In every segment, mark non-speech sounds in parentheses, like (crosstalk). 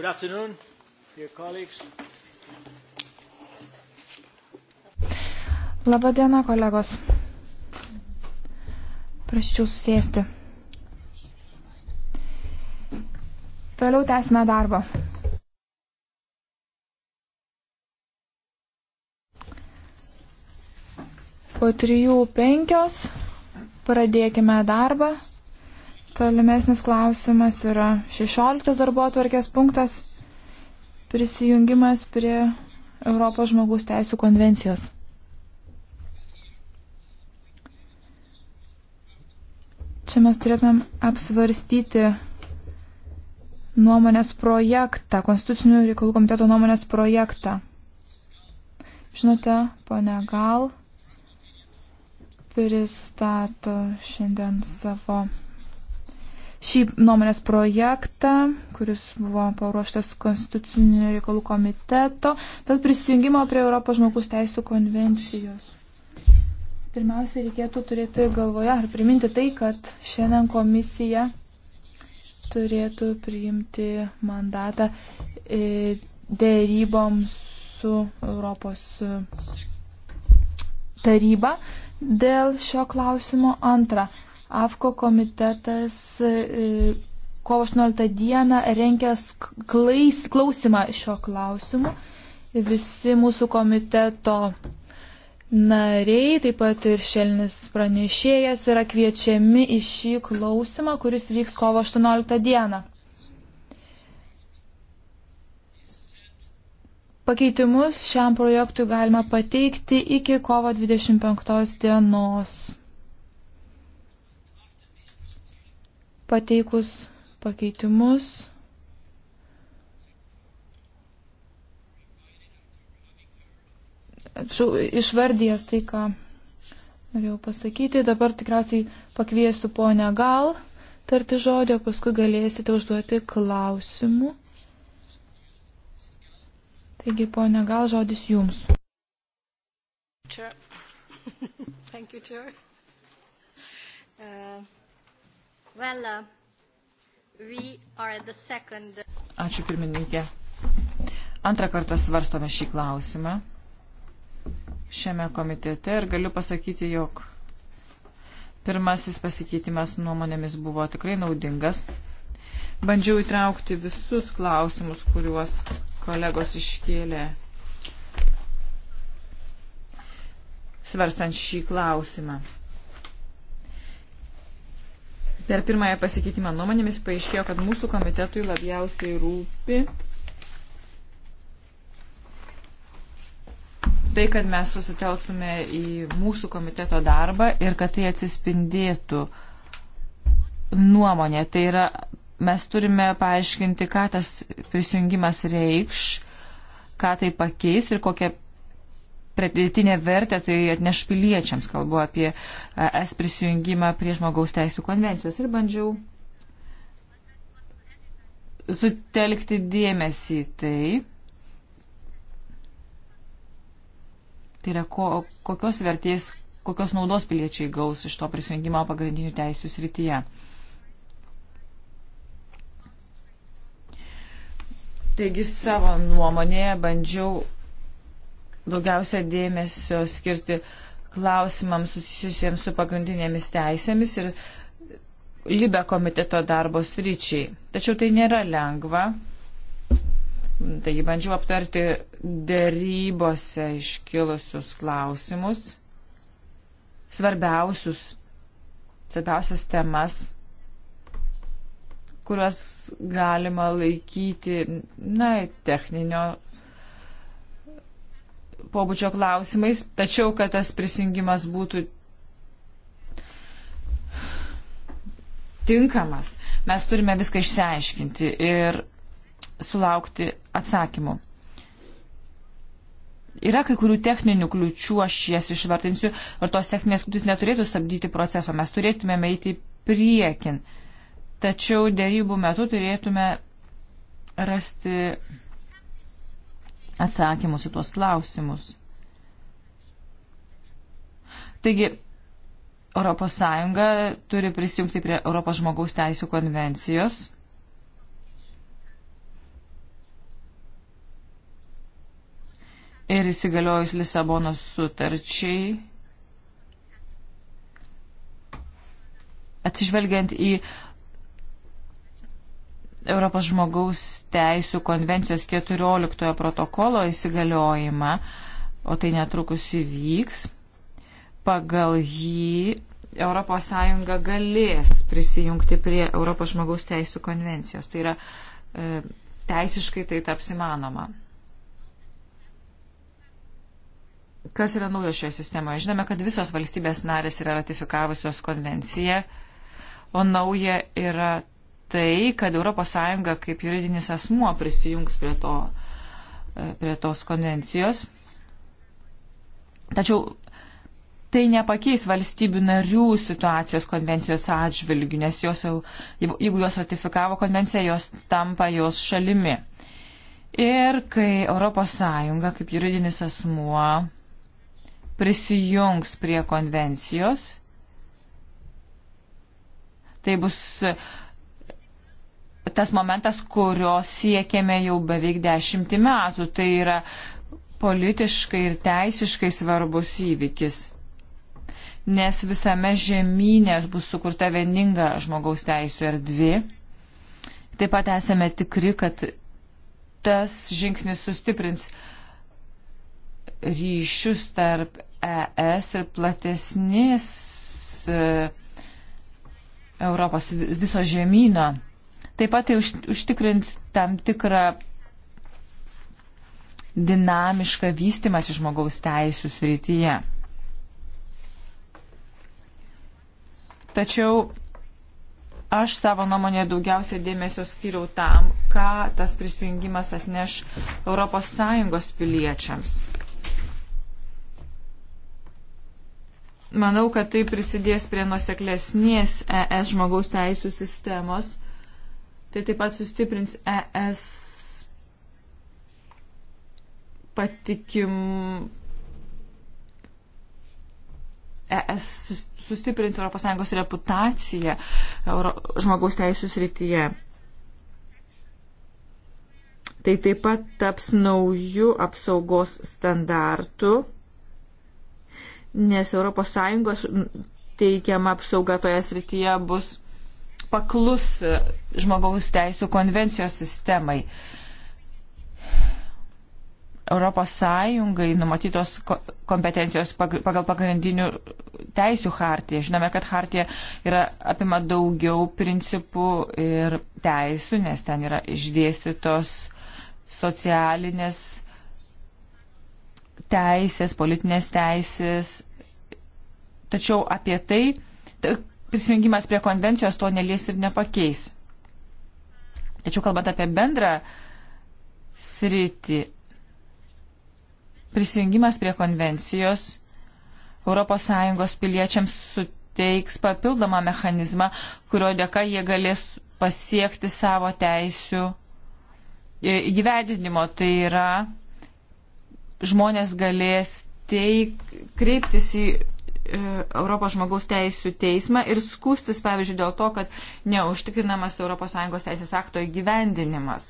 Good afternoon, dear colleagues. Labadiena, kolegos. Prašyčiau susėsti. Toliau tęsime darbą. Po trijų penkios pradėkime darbą. Tolimesnis klausimas yra 16 darbo atvarkės punktas - prisijungimas prie Europos žmogaus teisų konvencijos. Čia mes turėtumėm apsvarstyti nuomonės projektą, konstitucinių reikalų komiteto nuomonės projektą. Žinote, ponia Gal pristato šiandien savo šį nuomonės projektą, kuris buvo paruoštas Konstitucinio reikalų komiteto, dėl prisijungimo prie Europos žmogus teisų konvencijos. Pirmiausia, reikėtų turėti galvoje ar priminti tai, kad šiandien komisija turėtų priimti mandatą e, dėryboms su Europos taryba dėl šio klausimo antrą. AFKO komitetas e, kovo 18 dieną renkęs klais, klausimą šio klausimu. Visi mūsų komiteto nariai, taip pat ir šelnis pranešėjas yra kviečiami į šį klausimą, kuris vyks kovo 18 dieną. Pakeitimus šiam projektui galima pateikti iki kovo 25 dienos. pateikus pakeitimus. Išvardyjas tai, ką norėjau pasakyti, dabar tikriausiai pakviesiu ponę gal tarti žodį, o paskui galėsite užduoti klausimų. Taigi, ponė, gal žodis jums. Čia. (laughs) Thank you, Chair. Uh, Well, uh, second... Ačiū pirmininkė. Antrą kartą svarstome šį klausimą šiame komitete ir galiu pasakyti, jog pirmasis pasikeitimas nuomonėmis buvo tikrai naudingas. Bandžiau įtraukti visus klausimus, kuriuos kolegos iškėlė svarstant šį klausimą. Per pirmąją pasikeitimą nuomonėmis paaiškėjo, kad mūsų komitetui labiausiai rūpi tai, kad mes susitelktume į mūsų komiteto darbą ir kad tai atsispindėtų nuomonė. Tai yra, mes turime paaiškinti, ką tas prisijungimas reikš, ką tai pakeis ir kokią pridėtinę vertę tai atneš piliečiams. Kalbu apie es prisijungimą prie žmogaus teisų konvencijos ir bandžiau sutelkti dėmesį į tai. Tai yra, ko, kokios vertės, kokios naudos piliečiai gaus iš to prisijungimo pagrindinių teisų srityje. Taigi savo nuomonėje bandžiau daugiausia dėmesio skirti klausimams susijusiems su pagrindinėmis teisėmis ir Libe komiteto darbo sryčiai. Tačiau tai nėra lengva. Tai bandžiau aptarti dėrybose iškilusius klausimus, svarbiausius, svarbiausias temas, kuriuos galima laikyti, na, techninio pobūdžio klausimais, tačiau kad tas prisijungimas būtų tinkamas, mes turime viską išsiaiškinti ir sulaukti atsakymų. Yra kai kurių techninių kliučių, aš jas išvartinsiu, ir tos techninės kliūtis neturėtų stabdyti proceso, mes turėtumėme eiti priekin. Tačiau dėrybų metu turėtume rasti atsakymus į tuos klausimus. Taigi, ES turi prisijungti prie Europos žmogaus teisų konvencijos. Ir įsigaliojus Lisabonos sutarčiai, atsižvelgiant į Europos žmogaus teisų konvencijos 14 protokolo įsigaliojimą, o tai netrukus įvyks, pagal jį ES galės prisijungti prie Europos žmogaus teisų konvencijos. Tai yra e, teisiškai tai taps įmanoma. Kas yra naujo šioje sistemoje? Žinome, kad visos valstybės narės yra ratifikavusios konvenciją, o nauja yra tai, kad ES kaip juridinis asmuo prisijungs prie, to, e, prie tos konvencijos. Tačiau tai nepakeis valstybių narių situacijos konvencijos atžvilgių, nes jos jau, jeigu jos ratifikavo konvenciją, jos tampa jos šalimi. Ir kai ES kaip juridinis asmuo prisijungs prie konvencijos, tai bus tas momentas, kurio siekėme jau beveik dešimtį metų. Tai yra politiškai ir teisiškai svarbus įvykis. Nes visame žemynė bus sukurta vieninga žmogaus teisų erdvė. Taip pat esame tikri, kad tas žingsnis sustiprins ryšius tarp ES ir platesnės e, Europos viso žemyno. Taip pat tai užtikrins tam tikrą dinamišką vystimas žmogaus teisų srityje. Tačiau aš savo nuomonę daugiausiai dėmesio skiriau tam, ką tas prisijungimas atneš ES piliečiams. Manau, kad tai prisidės prie nuseklesnės ES žmogaus teisų sistemos Tai taip pat sustiprins ES patikim. ES sustiprinti ES reputaciją Euro, žmogaus teisų srityje. Tai taip pat taps naujų apsaugos standartų, nes ES teikiama apsauga toje srityje bus paklus žmogaus teisų konvencijos sistemai. Europos Sąjungai numatytos kompetencijos pagal pagrindinių teisių hartiją. Žinome, kad hartija yra apima daugiau principų ir teisų, nes ten yra išdėstytos socialinės teisės, politinės teisės. Tačiau apie tai, prisijungimas prie konvencijos to nelies ir nepakeis. Tačiau kalbant apie bendrą sritį, prisijungimas prie konvencijos ES piliečiams suteiks papildomą mechanizmą, kurio dėka jie galės pasiekti savo teisių įgyvendinimo. Tai yra, žmonės galės teik, kreiptis į E, Europos žmogaus teisų teismą ir skūstis, pavyzdžiui, dėl to, kad neužtikrinamas ES teisės akto įgyvendinimas.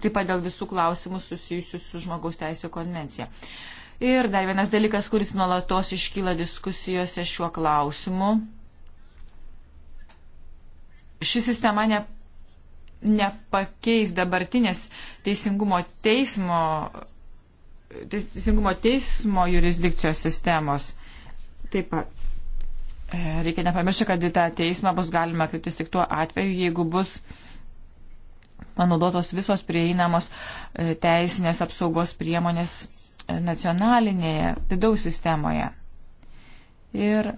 Taip pat dėl visų klausimų susijusių su žmogaus teisų konvencija. Ir dar vienas dalykas, kuris nuolatos iškyla diskusijose šiuo klausimu. Ši sistema ne, nepakeis dabartinės teisingumo teismo teisingumo teismo jurisdikcijos sistemos. Taip pat. E, reikia nepamiršti, kad į tą teismą bus galima kreiptis tik tuo atveju, jeigu bus panaudotos visos prieinamos e, teisinės apsaugos priemonės e, nacionalinėje vidaus sistemoje. Ir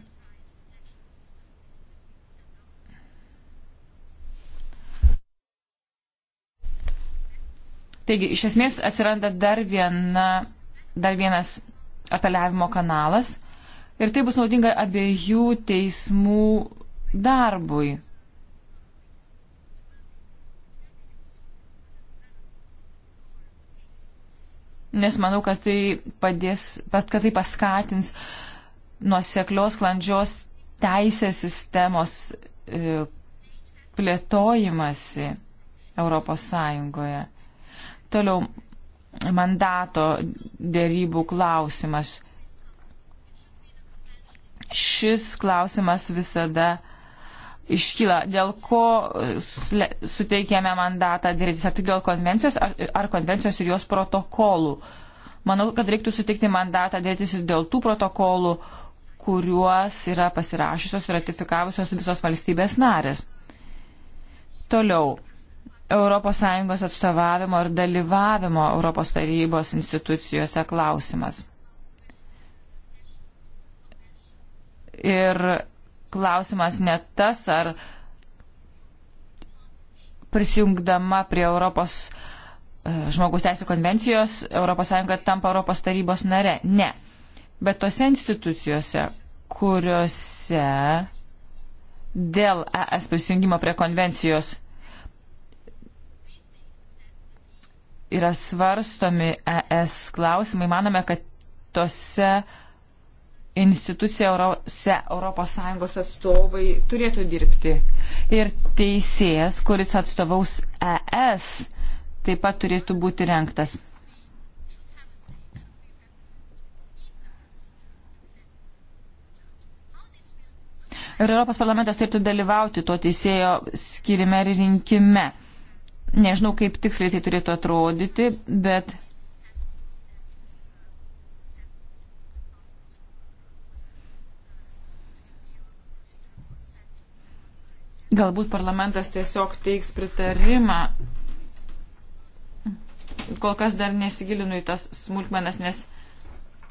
Taigi, iš esmės atsiranda dar, viena, dar vienas apeliavimo kanalas ir tai bus naudinga abiejų teismų darbui. Nes manau, kad tai, padės, kad tai paskatins nuoseklios, klandžios teisės sistemos e, plėtojimasi Europos Sąjungoje. Toliau mandato dėrybų klausimas. Šis klausimas visada iškyla, dėl ko suteikėme mandatą dėrėtis, ar tik dėl konvencijos, ar, ar konvencijos ir jos protokolų. Manau, kad reiktų suteikti mandatą dėrėtis ir dėl tų protokolų, kuriuos yra pasirašysios ir ratifikavusios visos valstybės narės. Toliau, ES atstovavimo ir dalyvavimo Europos tarybos institucijose klausimas. Ir klausimas ne tas, ar prisijungdama prie Europos e, žmogus teisų konvencijos ES tampa Europos tarybos nare. Ne. Bet tose institucijose, kuriuose dėl ES prisijungimo prie konvencijos yra svarstomi ES klausimai, manome, kad tose institucijose ES atstovai turėtų dirbti. Ir teisėjas, kuris atstovaus ES, taip pat turėtų būti renktas. Ir Europos parlamentas turėtų dalyvauti to teisėjo skirime ir rinkime. Nežinau, kaip tiksliai tai turėtų atrodyti, bet galbūt parlamentas tiesiog teiks pritarimą. Kol kas dar nesigilinu į tas smulkmenas, nes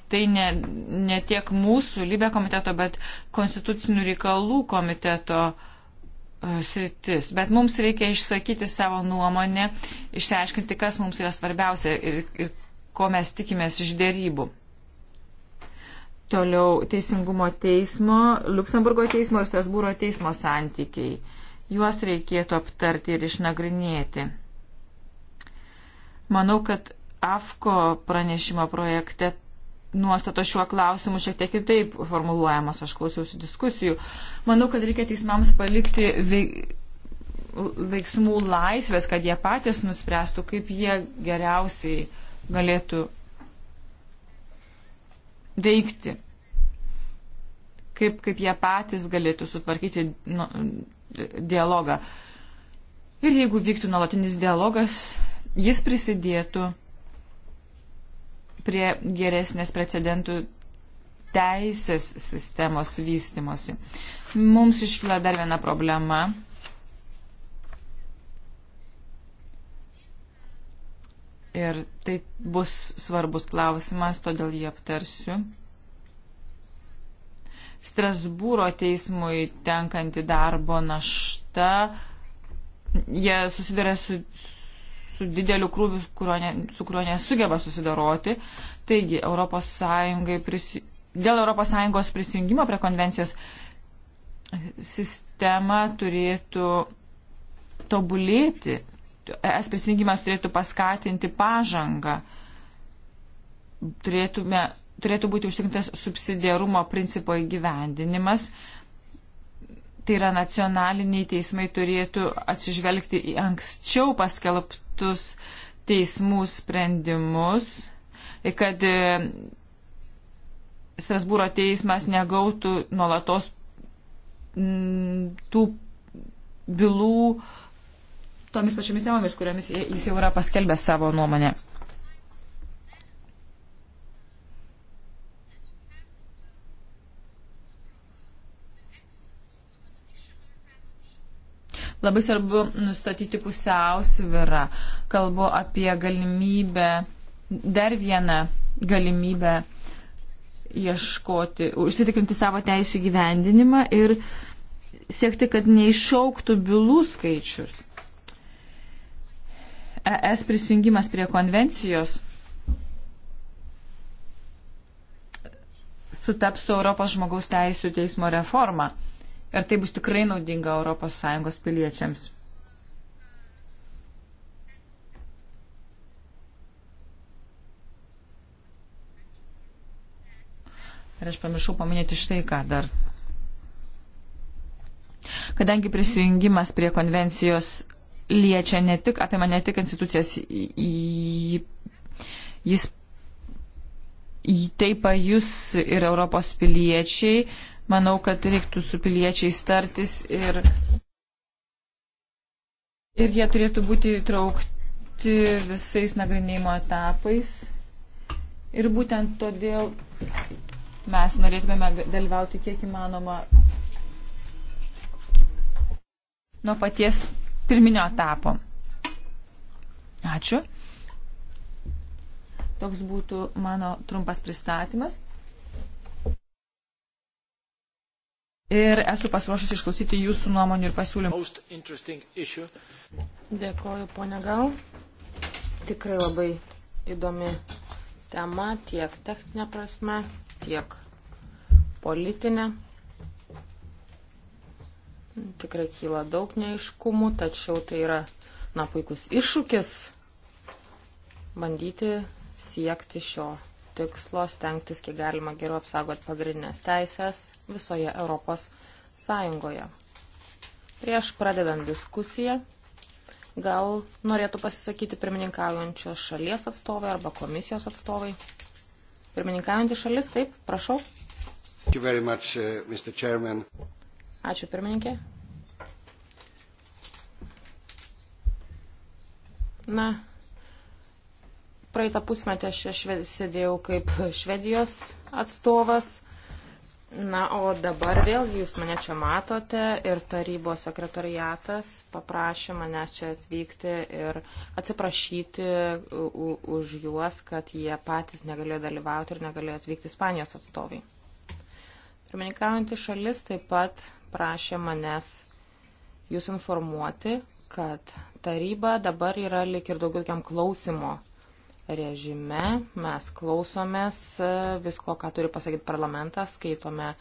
tai ne, ne tiek mūsų Libė komiteto, bet konstitucinių reikalų komiteto uh, E, sritis, bet mums reikia išsakyti savo nuomonę, išsiaiškinti, kas mums yra svarbiausia ir, ir ko mes tikimės iš dėrybų. Toliau Teisingumo teismo, Luksemburgo teismo ir Strasbūro teismo santykiai. Juos reikėtų aptarti ir išnagrinėti. Manau, kad AFKO pranešimo projekte nuostatos šiuo klausimu šiek tiek kitaip formuluojamos, aš klausiausi diskusijų. Manau, kad reikia teismams palikti veik, veiksmų laisvės, kad jie patys nuspręstų, kaip jie geriausiai galėtų veikti, kaip, kaip jie patys galėtų sutvarkyti nu, dialogą. Ir jeigu vyktų nuolatinis dialogas, jis prisidėtų prie geresnės precedentų teisės sistemos vystimosi. Mums iškyla dar viena problema. Ir tai bus svarbus klausimas, todėl jį aptarsiu. Strasbūro teismui tenkanti darbo našta, jie susiduria su, su dideliu krūviu, kurio ne, su kuriuo nesugeba susidoroti. Taigi, ES prisi, dėl ES prisijungimo prie konvencijos sistema turėtų tobulėti. Es prisijungimas turėtų paskatinti pažangą. Turėtume, turėtų būti užtikrintas subsidiarumo principo įgyvendinimas tai yra nacionaliniai teismai turėtų atsižvelgti į anksčiau paskelbtą kitus teismų sprendimus, kad e, Strasbūro teismas negautų nuolatos mm, tų bylų tomis pačiomis temomis, kuriomis jis jau yra paskelbęs savo nuomonę. Labai svarbu nustatyti pusiausvirą. Kalbu apie galimybę, dar vieną galimybę ieškoti, užsitikrinti savo teisų gyvendinimą ir siekti, kad neišauktų bylų skaičius. ES prisijungimas prie konvencijos sutaps su Europos žmogaus teisų teismo reforma. Ir tai bus tikrai naudinga ES piliečiams. Ir aš pamiršau paminėti štai ką dar. Kadangi prisijungimas prie konvencijos liečia ne tik, apima ne tik institucijas, jis jį tai pajus ir Europos piliečiai, Manau, kad reiktų su piliečiais tartis ir, ir jie turėtų būti įtraukti visais nagrinėjimo etapais. Ir būtent todėl mes norėtume dalyvauti kiek įmanoma nuo paties pirminio etapo. Ačiū. Toks būtų mano trumpas pristatymas. ir esu pasiruošusi išklausyti jūsų nuomonių ir pasiūlymų. Dėkoju, ponia Gal. Tikrai labai įdomi tema tiek techninė prasme, tiek politinė. Tikrai kyla daug neiškumų, tačiau tai yra, na, puikus iššūkis bandyti siekti šio tikslo stengtis, kiek galima geriau apsaugoti pagrindinės teisės visoje Europos Sąjungoje. Prieš pradedant diskusiją, gal norėtų pasisakyti pirmininkaujančios šalies atstovai arba komisijos atstovai. Pirmininkaujantį šalis, taip, prašau. Much, uh, Ačiū pirmininkė. Na, praeitą pusmetį aš čia sėdėjau kaip Švedijos atstovas. Na, o dabar vėl jūs mane čia matote ir tarybos sekretariatas paprašė manęs čia atvykti ir atsiprašyti už juos, kad jie patys negalėjo dalyvauti ir negalėjo atvykti Ispanijos atstovai. Pirmininkaujantį šalis taip pat prašė manęs jūs informuoti, kad taryba dabar yra lik ir daugiau tokiam klausimo režime. Mes klausomės e, visko, ką turi pasakyti parlamentas, skaitome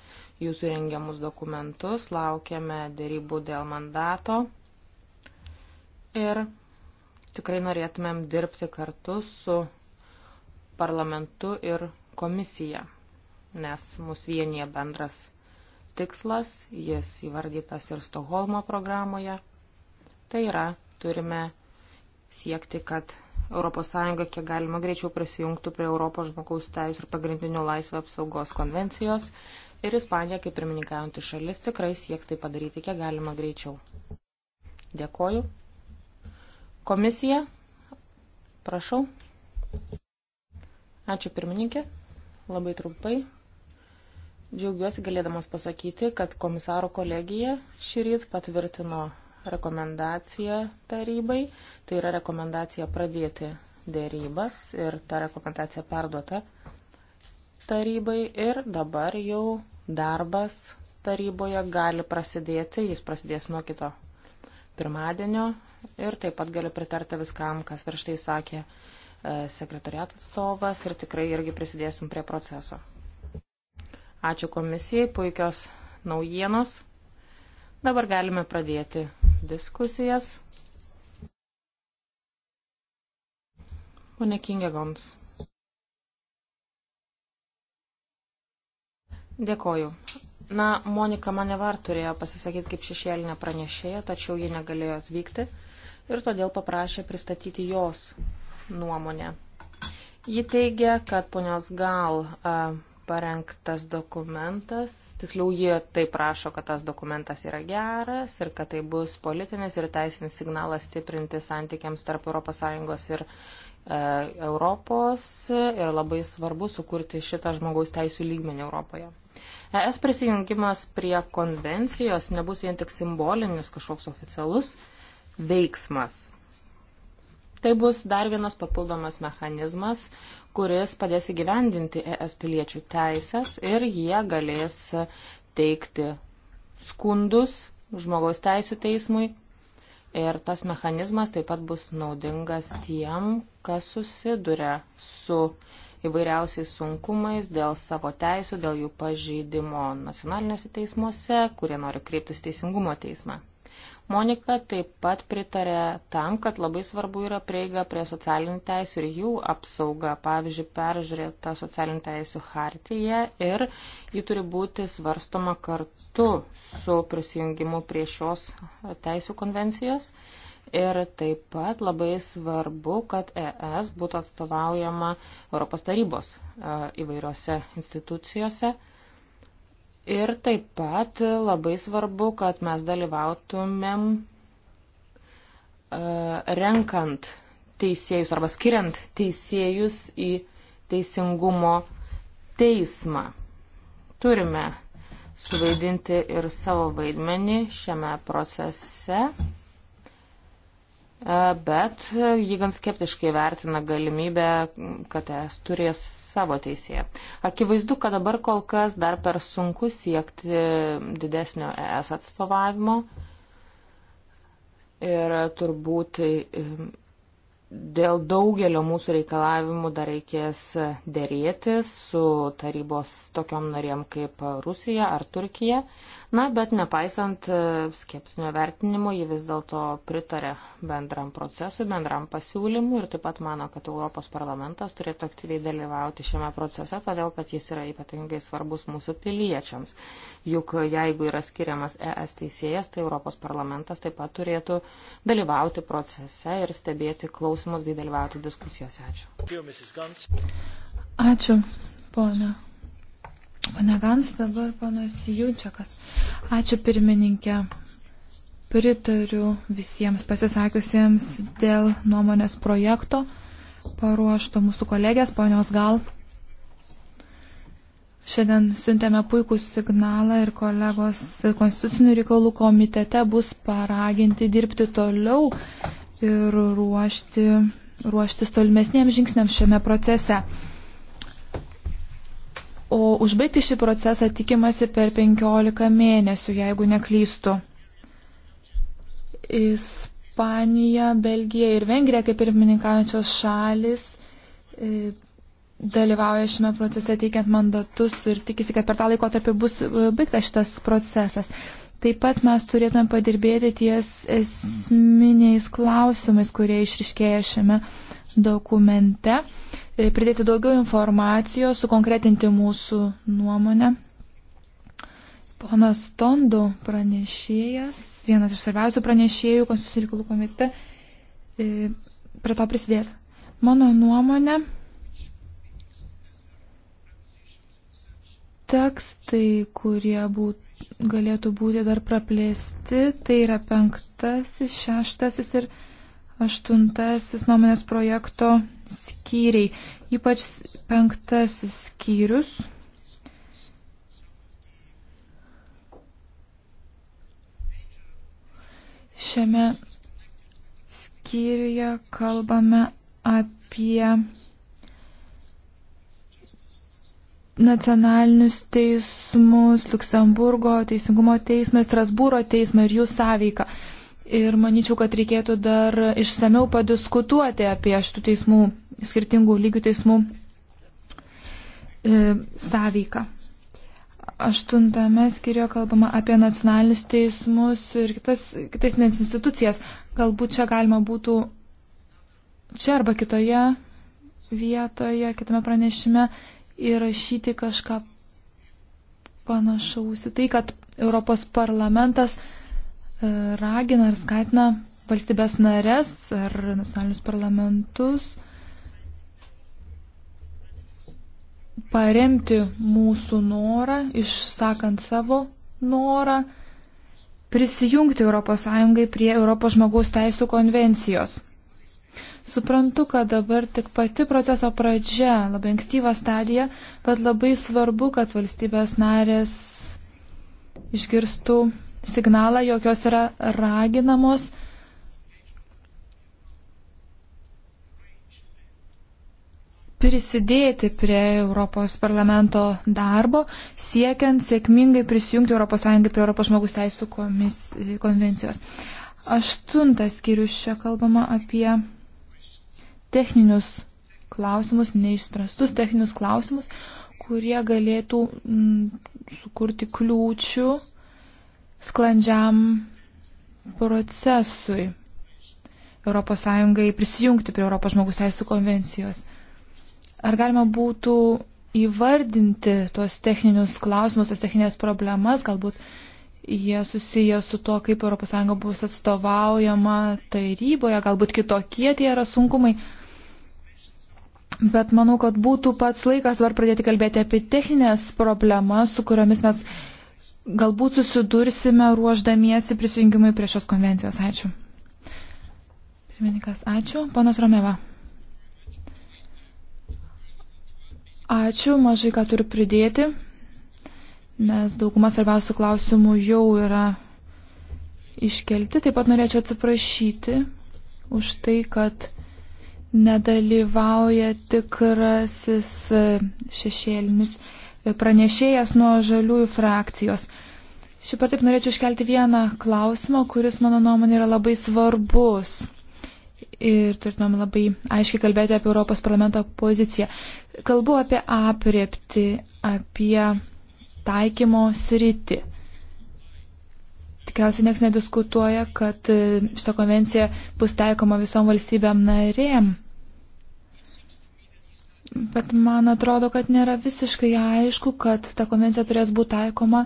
jūsų rengiamus dokumentus, laukiame dėrybų dėl mandato ir tikrai norėtumėm dirbti kartu su parlamentu ir komisija, nes mus vienyje bendras tikslas, jis įvardytas ir Stoholmo programoje, tai yra turime siekti, kad ES kiek galima greičiau prisijungtų prie Europos žmogaus teisų ir pagrindinių laisvę apsaugos konvencijos ir Ispanija, kaip pirmininkaujanti šalis, tikrai sieks tai padaryti kiek galima greičiau. Dėkoju. Komisija, prašau. Ačiū pirmininkė, labai trumpai. Džiaugiuosi galėdamas pasakyti, kad komisaro kolegija šį rytą patvirtino rekomendaciją tarybai, tai yra rekomendacija pradėti dėrybas ir ta rekomendacija perduota tarybai ir dabar jau darbas taryboje gali prasidėti, jis prasidės nuo kito pirmadienio ir taip pat galiu pritarti viskam, kas virš tai sakė e, sekretariato atstovas ir tikrai irgi prisidėsim prie proceso. Ačiū komisijai, puikios naujienos. Dabar galime pradėti diskusijas. Pone Kingegoms. Dėkoju. Na, Monika Manevar turėjo pasisakyti kaip šešėlinė pranešėja, tačiau ji negalėjo atvykti ir todėl paprašė pristatyti jos nuomonę. Ji teigia, kad ponios gal parengtas dokumentas, tiksliau jie taip prašo, kad tas dokumentas yra geras ir kad tai bus politinis ir teisinis signalas stiprinti santykiams tarp ES ir e, Europos ir labai svarbu sukurti šitą žmogaus teisų lygmenį Europoje. ES prisijungimas prie konvencijos nebus vien tik simbolinis kažkoks oficialus veiksmas. Tai bus dar vienas papildomas mechanizmas, kuris padės įgyvendinti ES piliečių teisės ir jie galės teikti skundus žmogaus teisų teismui. Ir tas mechanizmas taip pat bus naudingas tiem, kas susiduria su įvairiausiais sunkumais dėl savo teisų, dėl jų pažeidimo nacionalinėse teismuose, kurie nori kreiptis teisingumo teismą. Monika taip pat pritarė tam, kad labai svarbu yra prieiga prie socialinių teisų ir jų apsauga, pavyzdžiui, peržiūrėta socialinių teisų hartyje ir ji turi būti svarstoma kartu su prisijungimu prie šios teisų konvencijos. Ir taip pat labai svarbu, kad ES būtų atstovaujama Europos tarybos e, įvairiose institucijose Ir taip pat labai svarbu, kad mes dalyvautumėm e, renkant teisėjus arba skiriant teisėjus į teisingumo teismą. Turime suvaidinti ir savo vaidmenį šiame procese, e, bet jį gan skeptiškai vertina galimybę, kad es turės savo teisėje. Akivaizdu, kad dabar kol kas dar per sunku siekti didesnio ES atstovavimo ir turbūt dėl daugelio mūsų reikalavimų dar reikės dėrėtis su tarybos tokiom narėm kaip Rusija ar Turkija. Na, bet nepaisant e, skeptinio vertinimo, ji vis dėlto pritarė bendram procesui, bendram pasiūlymui ir taip pat mano, kad Europos parlamentas turėtų aktyviai dalyvauti šiame procese, todėl kad jis yra ypatingai svarbus mūsų piliečiams. Juk jeigu yra skiriamas ES teisėjas, tai Europos parlamentas taip pat turėtų dalyvauti procese ir stebėti klausimus bei dalyvauti diskusijose. Ačiū. Ačiū, ponia Pane Gans, dabar panas Jūčiakas. Ačiū pirmininkė. Pritariu visiems pasisakiusiems dėl nuomonės projekto paruošto mūsų kolegės, ponios Gal. Šiandien siuntėme puikų signalą ir kolegos konstitucinių reikalų komitete bus paraginti dirbti toliau ir ruošti, ruoštis tolimesniems žingsniams šiame procese o užbaigti šį procesą tikimasi per 15 mėnesių, jeigu neklystu. Ispanija, Belgija ir Vengrija, kaip pirmininkaujančios šalis, e, dalyvauja šiame procese teikiant mandatus ir tikisi, kad per tą laikotarpį bus e, baigtas šitas procesas. Taip pat mes turėtume padirbėti ties esminiais klausimais, kurie išriškėja šiame dokumente, e, pridėti daugiau informacijos, sukonkretinti mūsų nuomonę. Ponas Tondų pranešėjas, vienas iš svarbiausių pranešėjų Konstitucijų reikalų komite, e, prie to prisidės. Mano nuomonė, tekstai, kurie būtų galėtų būti dar praplėsti. Tai yra penktasis, šeštasis ir aštuntasis nuomonės projekto skyriai. Ypač penktasis skyrius. Šiame skyriuje kalbame apie nacionalinius teismus, Luksemburgo teisingumo teismą, Strasbūro teismą ir jų sąveiką. Ir manyčiau, kad reikėtų dar išsameu padiskutuoti apie šitų teismų, skirtingų lygių teismų e, sąveiką. Aštuntame skyriuje kalbama apie nacionalinius teismus ir kitas, kitas institucijas. Galbūt čia galima būtų čia arba kitoje vietoje, kitame pranešime įrašyti kažką panašaus į tai, kad Europos parlamentas e, ragina ir skatina valstybės narės ar nacionalinius parlamentus paremti mūsų norą, išsakant savo norą, prisijungti ES prie Europos žmogaus teisų konvencijos. Suprantu, kad dabar tik pati proceso pradžia, labai ankstyva stadija, bet labai svarbu, kad valstybės narės išgirstų signalą, jog jos yra raginamos prisidėti prie Europos parlamento darbo, siekiant sėkmingai prisijungti ES prie Europos žmogus teisų komis, konvencijos. Aštuntas skyrius čia kalbama apie techninius klausimus, neišspręstus techninius klausimus, kurie galėtų m, mm, sukurti kliūčių sklandžiam procesui ES prisijungti prie Europos žmogus teisų konvencijos. Ar galima būtų įvardinti tuos techninius klausimus, tas techninės problemas, galbūt jie susiję su to, kaip ES bus atstovaujama taryboje, galbūt kitokie tie yra sunkumai. Bet manau, kad būtų pats laikas dabar pradėti kalbėti apie techninės problemas, su kuriomis mes galbūt susidursime ruoždamiesi prisijungimui prie šios konvencijos. Ačiū. Pirmininkas, ačiū. Ponas Romeva. Ačiū, mažai ką turiu pridėti nes dauguma svarbiausių klausimų jau yra iškelti. Taip pat norėčiau atsiprašyti už tai, kad nedalyvauja tikrasis šešėlinis pranešėjas nuo žaliųjų frakcijos. Šiaip ar taip norėčiau iškelti vieną klausimą, kuris mano nuomonė yra labai svarbus. Ir turėtumėm labai aiškiai kalbėti apie Europos parlamento poziciją. Kalbu apie apriepti, apie taikymo sritį. Tikriausiai nieks nediskutuoja, kad e, šita konvencija bus taikoma visom valstybėm narėm. Bet man atrodo, kad nėra visiškai aišku, kad ta konvencija turės būti taikoma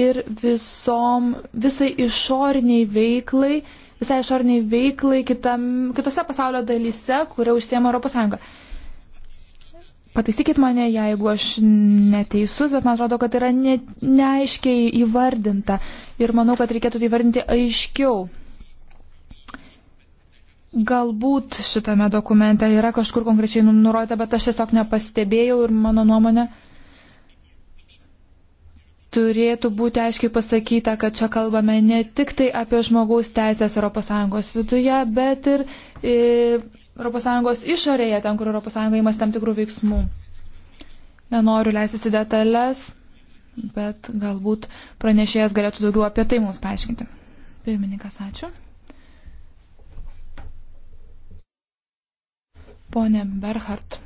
ir visom, visai išorniai veiklai, visai išorniai veiklai kitam, kitose pasaulio dalyse, kuria užsiema ES. Pataisykit mane, jeigu aš neteisus, bet man atrodo, kad yra ne, neaiškiai įvardinta ir manau, kad reikėtų tai įvardinti aiškiau. Galbūt šitame dokumente yra kažkur konkrečiai nu- nurodyta, bet aš tiesiog nepastebėjau ir mano nuomonė turėtų būti aiškiai pasakyta, kad čia kalbame ne tik tai apie žmogaus teisės ES viduje, bet ir, ir e, ES išorėje, ten, kur ES įmas tam tikrų veiksmų. Nenoriu leistis į detalės, bet galbūt pranešėjas galėtų daugiau apie tai mums paaiškinti. Pirmininkas, ačiū. Pone Berhardt.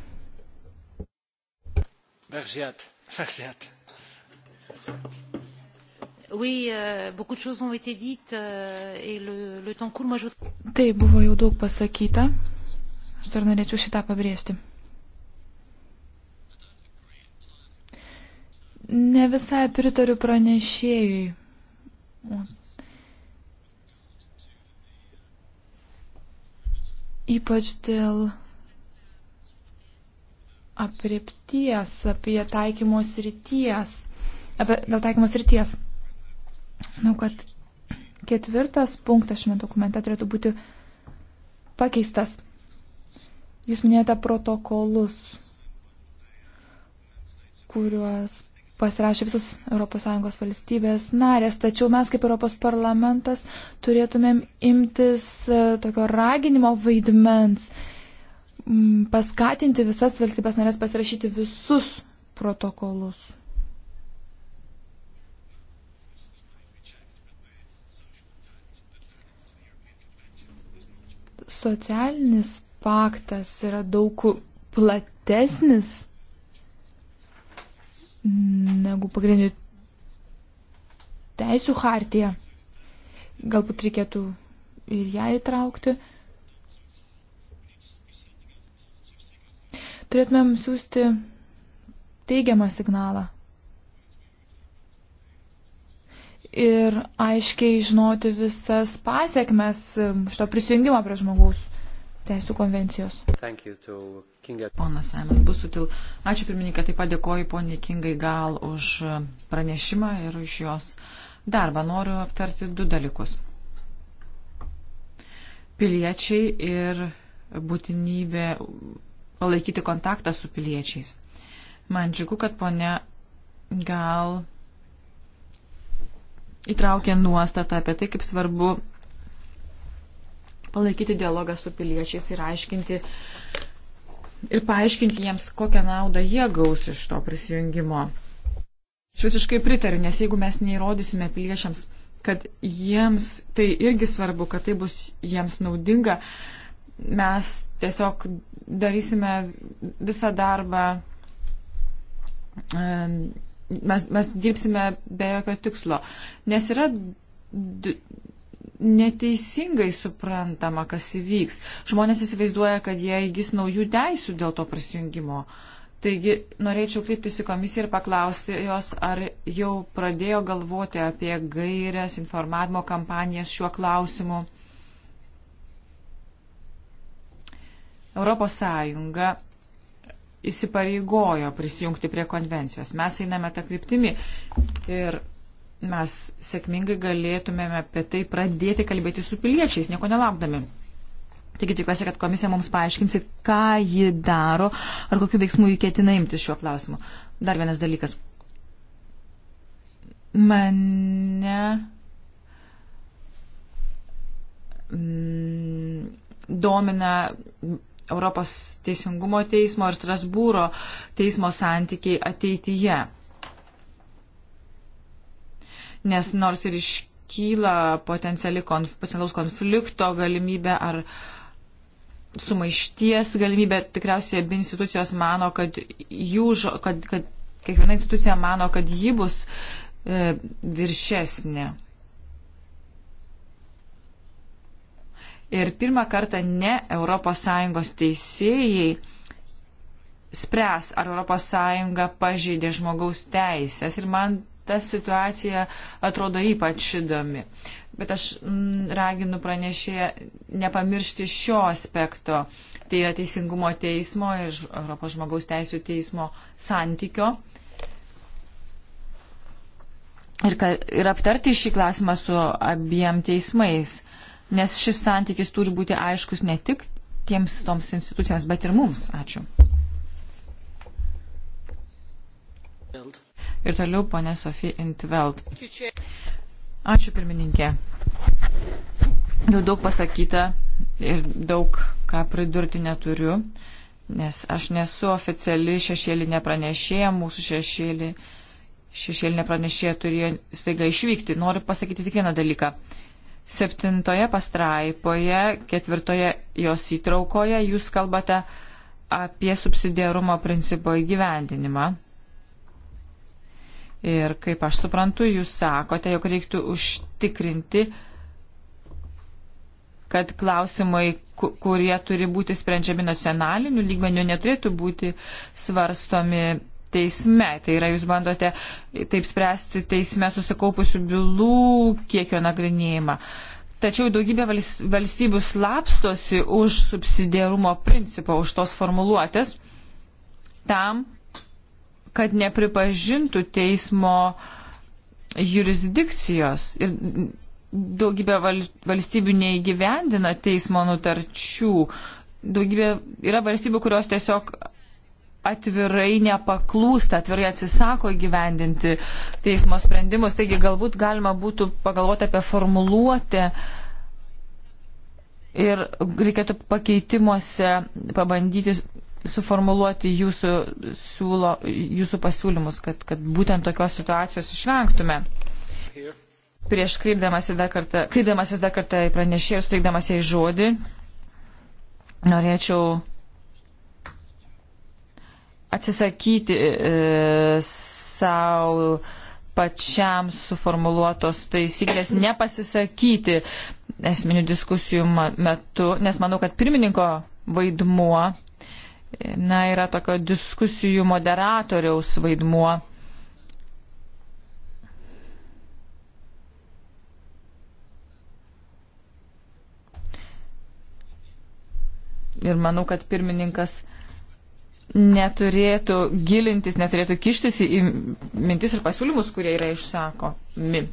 Bergiat, Bergiat. Oui, euh, beaucoup de choses ont été dites euh, et le, le temps court. Moi, je... Taip, buvo jau daug pasakyta. Aš dar norėčiau šitą pabrėžti. Ne visai pritariu pranešėjui. Ypač dėl apriepties, apie taikymos ryties. Apie, dėl taikymos ryties. Manau, kad ketvirtas punktas šiame dokumente turėtų būti pakeistas. Jūs minėjote protokolus, kuriuos pasirašė visus ES valstybės narės, tačiau mes kaip Europos parlamentas turėtumėm imtis e, tokio raginimo vaidmens, paskatinti visas valstybės narės pasirašyti visus protokolus. Socialinis paktas yra daug platesnis negu pagrindinių teisų hartija. Galbūt reikėtų ir ją įtraukti. Turėtumėm siūsti teigiamą signalą. Ir aiškiai žinoti visas pasiekmes šito prisijungimo prie žmogaus teisų konvencijos. Ponas Simon Busutil, ačiū pirmininkė, taip pat dėkoju poniai Kingai Gal už pranešimą ir už jos darbą. Noriu aptarti du dalykus. Piliečiai ir būtinybė palaikyti kontaktą su piliečiais. Man džiugu, kad ponia Gal įtraukė nuostatą apie tai, kaip svarbu palaikyti dialogą su piliečiais ir aiškinti ir paaiškinti jiems, kokią naudą jie gaus iš to prisijungimo. Aš visiškai pritariu, nes jeigu mes neįrodysime piliečiams, kad jiems tai irgi svarbu, kad tai bus jiems naudinga, mes tiesiog darysime visą darbą, mes, mes dirbsime be jokio tikslo. Nes yra neteisingai suprantama, kas įvyks. Žmonės įsivaizduoja, kad jie įgis naujų teisų dėl to prisijungimo. Taigi norėčiau kreiptis į komisiją ir paklausti jos, ar jau pradėjo galvoti apie gairias, informavimo kampanijas šiuo klausimu. Europos Sąjunga įsipareigojo prisijungti prie konvencijos. Mes einame tą kryptimį ir mes sėkmingai galėtumėme apie tai pradėti kalbėti su piliečiais, nieko nelaukdami. Taigi tikiuosi, kad komisija mums paaiškinsi, ką ji daro ar kokiu veiksmu jį ketina imtis šiuo klausimu. Dar vienas dalykas. Mane. Mm, domina Europos teisingumo teismo ir Strasbūro teismo santykiai ateityje nes nors ir iškyla konf, potencialaus konflikto galimybė ar sumaišties galimybė, tikriausiai abi institucijos mano, kad, jų, kad, kad kiekviena institucija mano, kad ji bus e, viršesnė. Ir pirmą kartą ne ES teisėjai spręs, ar ES pažeidė žmogaus teisės. Ir man ta situacija atrodo ypač įdomi. Bet aš mm, raginu pranešėją nepamiršti šio aspekto. Tai yra Teisingumo teismo ir Europos žmogaus teisų teismo santykio. Ir, ir aptarti šį klausimą su abiem teismais, nes šis santykis turi būti aiškus ne tik tiems toms institucijoms, bet ir mums. Ačiū. Build. Ir toliau ponė Sofija Intveld. Ačiū pirmininkė. Jau daug pasakyta ir daug ką pridurti neturiu, nes aš nesu oficiali šešėlinė pranešėja, mūsų šešėlį, šešėlinė pranešėja turėjo staiga išvykti. Noriu pasakyti tik vieną dalyką. Septintoje pastraipoje, ketvirtoje jos įtraukoje jūs kalbate apie subsidiarumo principo įgyvendinimą Ir kaip aš suprantu, jūs sakote, jog reiktų užtikrinti, kad klausimai, kurie turi būti sprendžiami nacionaliniu lygmeniu, neturėtų būti svarstomi teisme. Tai yra, jūs bandote taip spręsti teisme susikaupusių bylų kiekio nagrinėjimą. Tačiau daugybė valstybių slapstosi už subsidiarumo principą, už tos formuluotės, tam, kad nepripažintų teismo jurisdikcijos ir daugybė val, valstybių neįgyvendina teismo nutarčių. Daugybė yra valstybių, kurios tiesiog atvirai nepaklūsta, atvirai atsisako įgyvendinti teismo sprendimus. Taigi galbūt galima būtų pagalvoti apie formuluotę ir reikėtų pakeitimuose pabandyti suformuluoti jūsų, siūlo, jūsų pasiūlymus, kad, kad būtent tokios situacijos išvengtume. Prieš kreipdamasis dar kartą, kreipdamasis dar kartą į pranešėjus, teikdamas į žodį, norėčiau atsisakyti e, savo pačiam suformuluotos taisyklės, nepasisakyti esminių diskusijų metu, nes manau, kad pirmininko vaidmuo na, yra tokio diskusijų moderatoriaus vaidmuo. Ir manau, kad pirmininkas neturėtų gilintis, neturėtų kištis į mintis ir pasiūlymus, kurie yra išsakomi.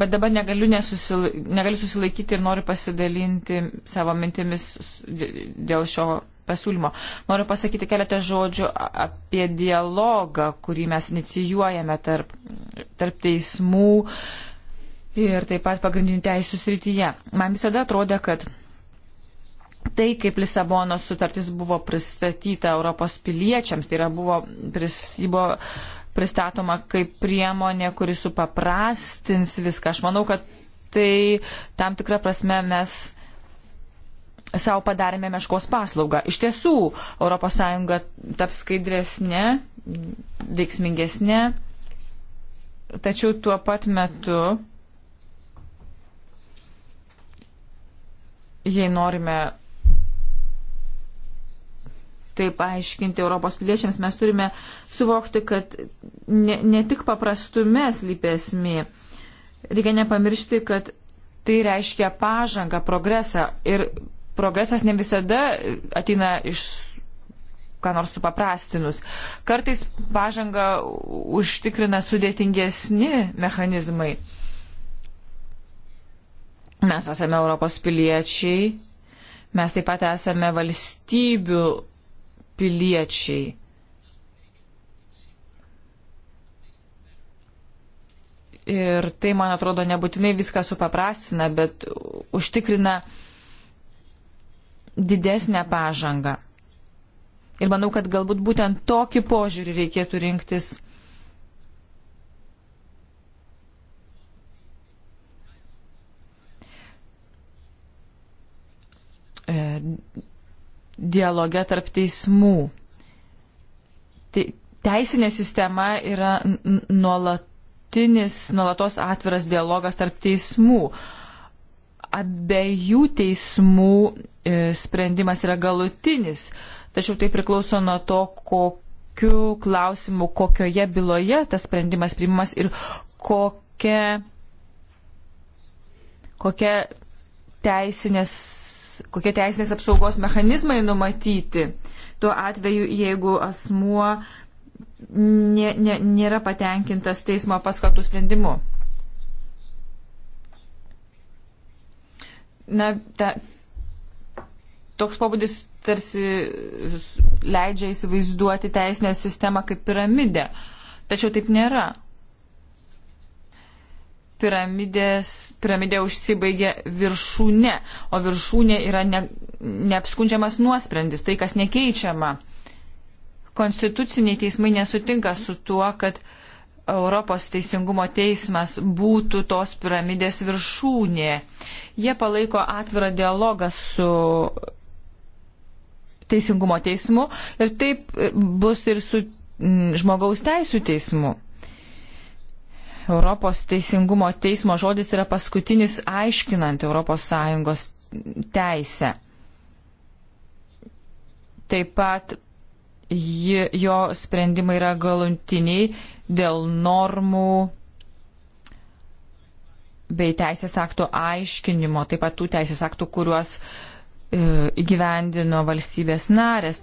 Bet dabar negaliu, nesusil... negaliu susilaikyti ir noriu pasidalinti savo mintimis dėl šio pasiūlymo. Noriu pasakyti keletą žodžių apie dialogą, kurį mes inicijuojame tarp, tarp teismų ir taip pat pagrindinių teisų srityje. Man visada atrodė, kad tai, kaip Lisabonos sutartis buvo pristatyta Europos piliečiams, tai yra buvo, pris, buvo pristatoma kaip priemonė, kuri supaprastins viską. Aš manau, kad tai tam tikrą prasme mes savo padarėme meškos paslaugą. Iš tiesų, ES taps skaidresnė, veiksmingesnė, tačiau tuo pat metu, jei norime taip aiškinti Europos piliečiams, mes turime suvokti, kad ne, ne tik paprastume slypėsmi, reikia nepamiršti, kad tai reiškia pažangą, progresą ir progresas ne visada ateina iš ką nors supaprastinus. Kartais pažanga užtikrina sudėtingesni mechanizmai. Mes esame Europos piliečiai, mes taip pat esame valstybių piliečiai. Ir tai, man atrodo, nebūtinai viską supaprastina, bet užtikrina uh, didesnę pažangą. Ir manau, kad galbūt būtent tokį požiūrį reikėtų rinktis. E, dialoge tarp teismų. Teisinė sistema yra nuolatinis, nuolatos atviras dialogas tarp teismų. Uh, abiejų teismų e, sprendimas yra galutinis, tačiau tai priklauso nuo to, kokiu klausimu, kokioje byloje tas sprendimas priimamas ir kokia, kokia teisinės kokie teisinės apsaugos mechanizmai numatyti. Tuo atveju, jeigu asmuo nė, nė, nėra patenkintas teismo paskatų sprendimu. na, ta, toks pobūdis tarsi leidžia įsivaizduoti teisinę sistemą kaip piramidę. Tačiau taip nėra. Piramidės, piramidė užsibaigia viršūne, o viršūnė yra ne, neapskundžiamas nuosprendis, tai kas nekeičiama. Konstituciniai teismai nesutinka su tuo, kad uh, Europos teisingumo teismas būtų tos piramidės viršūnė. Jie palaiko atvirą dialogą su teisingumo teismu ir taip bus ir su mm, žmogaus teisų teismu. Europos teisingumo teismo žodis yra paskutinis aiškinant ES teisę. Taip pat ji, jo sprendimai yra galutiniai dėl normų bei teisės aktų aiškinimo, taip pat tų teisės aktų, kuriuos e, įgyvendino valstybės narės.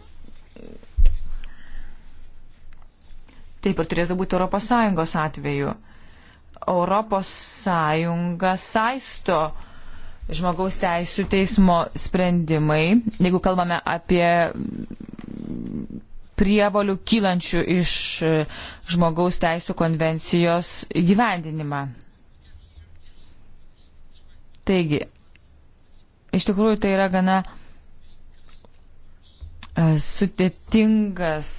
Taip ir turėtų būti ES atveju. ES saisto žmogaus teisų teismo sprendimai, jeigu kalbame apie prievolių kylančių iš e, žmogaus teisų konvencijos gyvendinimą. Taigi, iš tikrųjų tai yra gana e, sudėtingas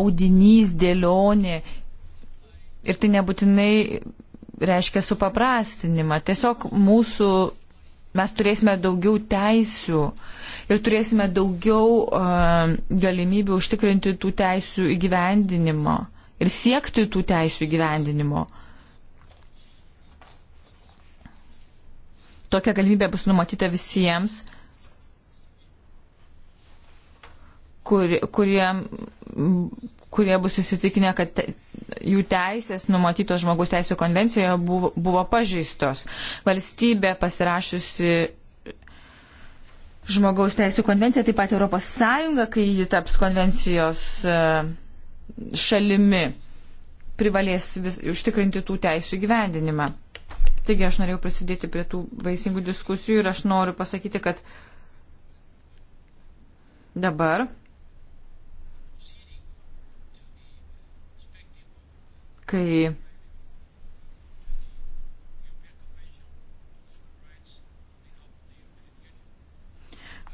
audinys, dėlionė ir tai nebūtinai reiškia supaprastinimą. Tiesiog mūsų, mes turėsime daugiau teisių uh, ir turėsime daugiau uh, galimybių užtikrinti tų teisių įgyvendinimo ir siekti tų teisių įgyvendinimo. Tokia galimybė bus numatyta visiems, kur, kurie, kurie bus įsitikinę, kad te, jų teisės numatytos žmogus teisų konvencijoje buvo, buvo pažeistos. Valstybė pasirašiusi žmogaus teisų konvencija, taip pat Europos Sąjunga, kai ji taps konvencijos e, šalimi, privalės vis, užtikrinti tų teisų gyvendinimą. Taigi aš norėjau prisidėti prie tų vaisingų diskusijų ir aš noriu pasakyti, kad dabar kai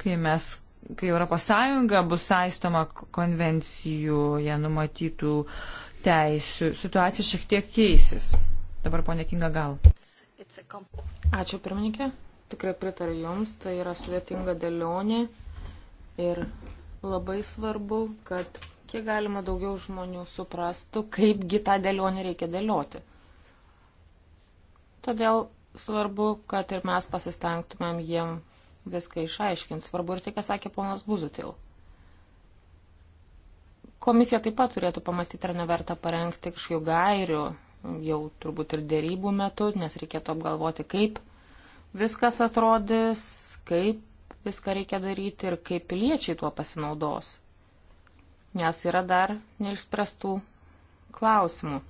kai mes, kai ES bus saistoma konvencijoje numatytų teisių, situacija šiek tiek keisis. Dabar ponė Kinga gal. Ačiū pirmininkė, tikrai pritariu Jums, tai yra sudėtinga dėlionė ir labai svarbu, kad kiek galima daugiau žmonių suprastų, kaipgi tą dėlionį reikia dėlioti. Todėl svarbu, kad ir mes pasistengtumėm jiem viską išaiškins. Svarbu ir tai, ką sakė ponas Buzutil. Komisija taip pat turėtų pamastyti, ar neverta parengti kažkokių gairių, jau turbūt ir dėrybų metu, nes reikėtų apgalvoti, kaip viskas atrodys, kaip viską reikia daryti ir kaip piliečiai tuo pasinaudos. Nes yra dar neišspręstų klausimų.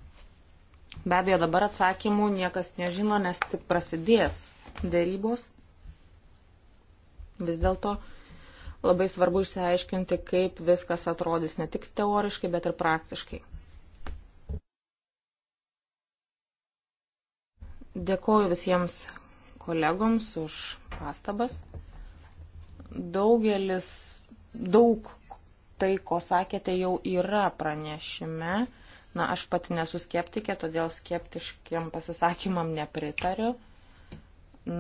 Be abejo, dabar atsakymų niekas nežino, nes tik prasidės dėrybos. Vis dėlto labai svarbu išsiaiškinti, kaip viskas atrodys ne tik teoriškai, bet ir praktiškai. Dėkoju visiems kolegoms už pastabas. Daugelis, daug tai, ko sakėte, jau yra pranešime. Na, aš pati nesu skeptikė, todėl skeptiškiam pasisakymam nepritariu.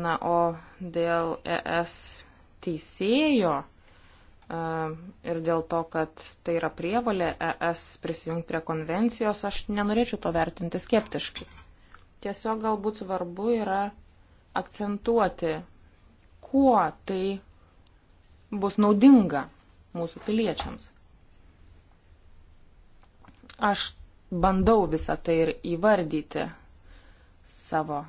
Na, o dėl ES teisėjo e, ir dėl to, kad tai yra prievalė ES prisijungti prie konvencijos, aš nenorėčiau to vertinti skeptiškai. Tiesiog galbūt svarbu yra akcentuoti, kuo tai bus naudinga mūsų piliečiams. Aš bandau visą tai ir įvardyti savo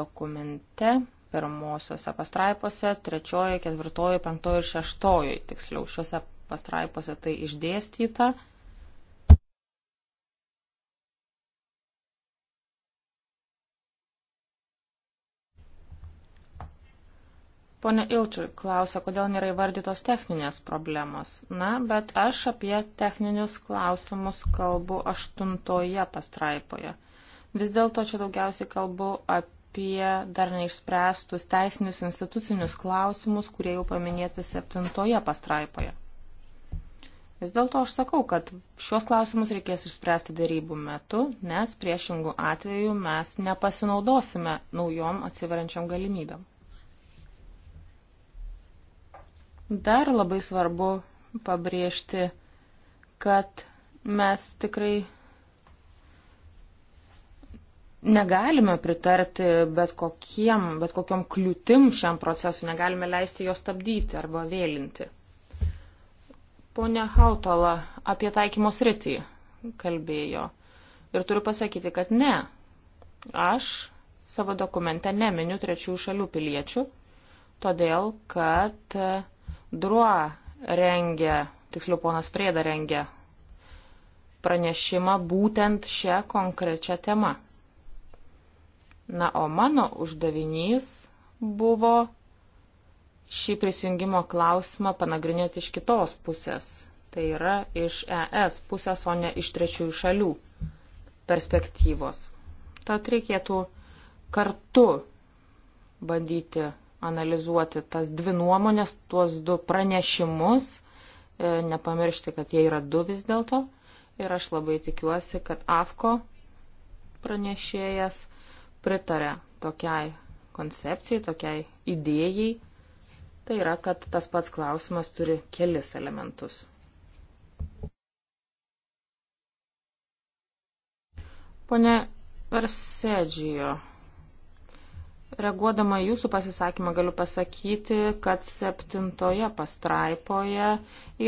dokumente pirmosiose pastraipose, trečioji, ketvirtoji, penktoji ir šeštoji, tiksliau, šiuose pastraipose tai išdėstyta. Pone Ilčiui klausia, kodėl nėra įvardytos techninės problemos. Na, bet aš apie techninius klausimus kalbu aštuntoje pastraipoje. Vis dėlto čia daugiausiai kalbu apie apie dar neišspręstus teisinius institucinius klausimus, kurie jau paminėti septintoje pastraipoje. Vis dėlto aš sakau, kad šios klausimus reikės išspręsti darybų metu, nes priešingų atveju mes nepasinaudosime naujom atsiveriančiam galimybėm. Dar labai svarbu pabrėžti, kad mes tikrai Negalime pritarti bet, kokiem, bet kokiam kliūtim šiam procesui, negalime leisti jo stabdyti arba vėlinti. Pone Hautala apie taikymo sritį kalbėjo ir turiu pasakyti, kad ne, aš savo dokumente neminiu trečiųjų šalių piliečių, todėl kad Drua rengia, tiksliau ponas Prėda rengia pranešimą būtent šią konkrečią temą. Na, o mano uždavinys buvo šį prisijungimo klausimą panagrinėti iš kitos pusės. Tai yra iš ES pusės, o ne iš trečiųjų šalių perspektyvos. Tad reikėtų kartu bandyti analizuoti tas dvi nuomonės, tuos du pranešimus, e, nepamiršti, kad jie yra du vis dėlto. Ir aš labai tikiuosi, kad AFKO pranešėjas pritarė tokiai koncepcijai, tokiai idėjai. Tai yra, kad tas pats klausimas turi kelis elementus. Pone Versedžijo, reaguodama jūsų pasisakymą galiu pasakyti, kad septintoje pastraipoje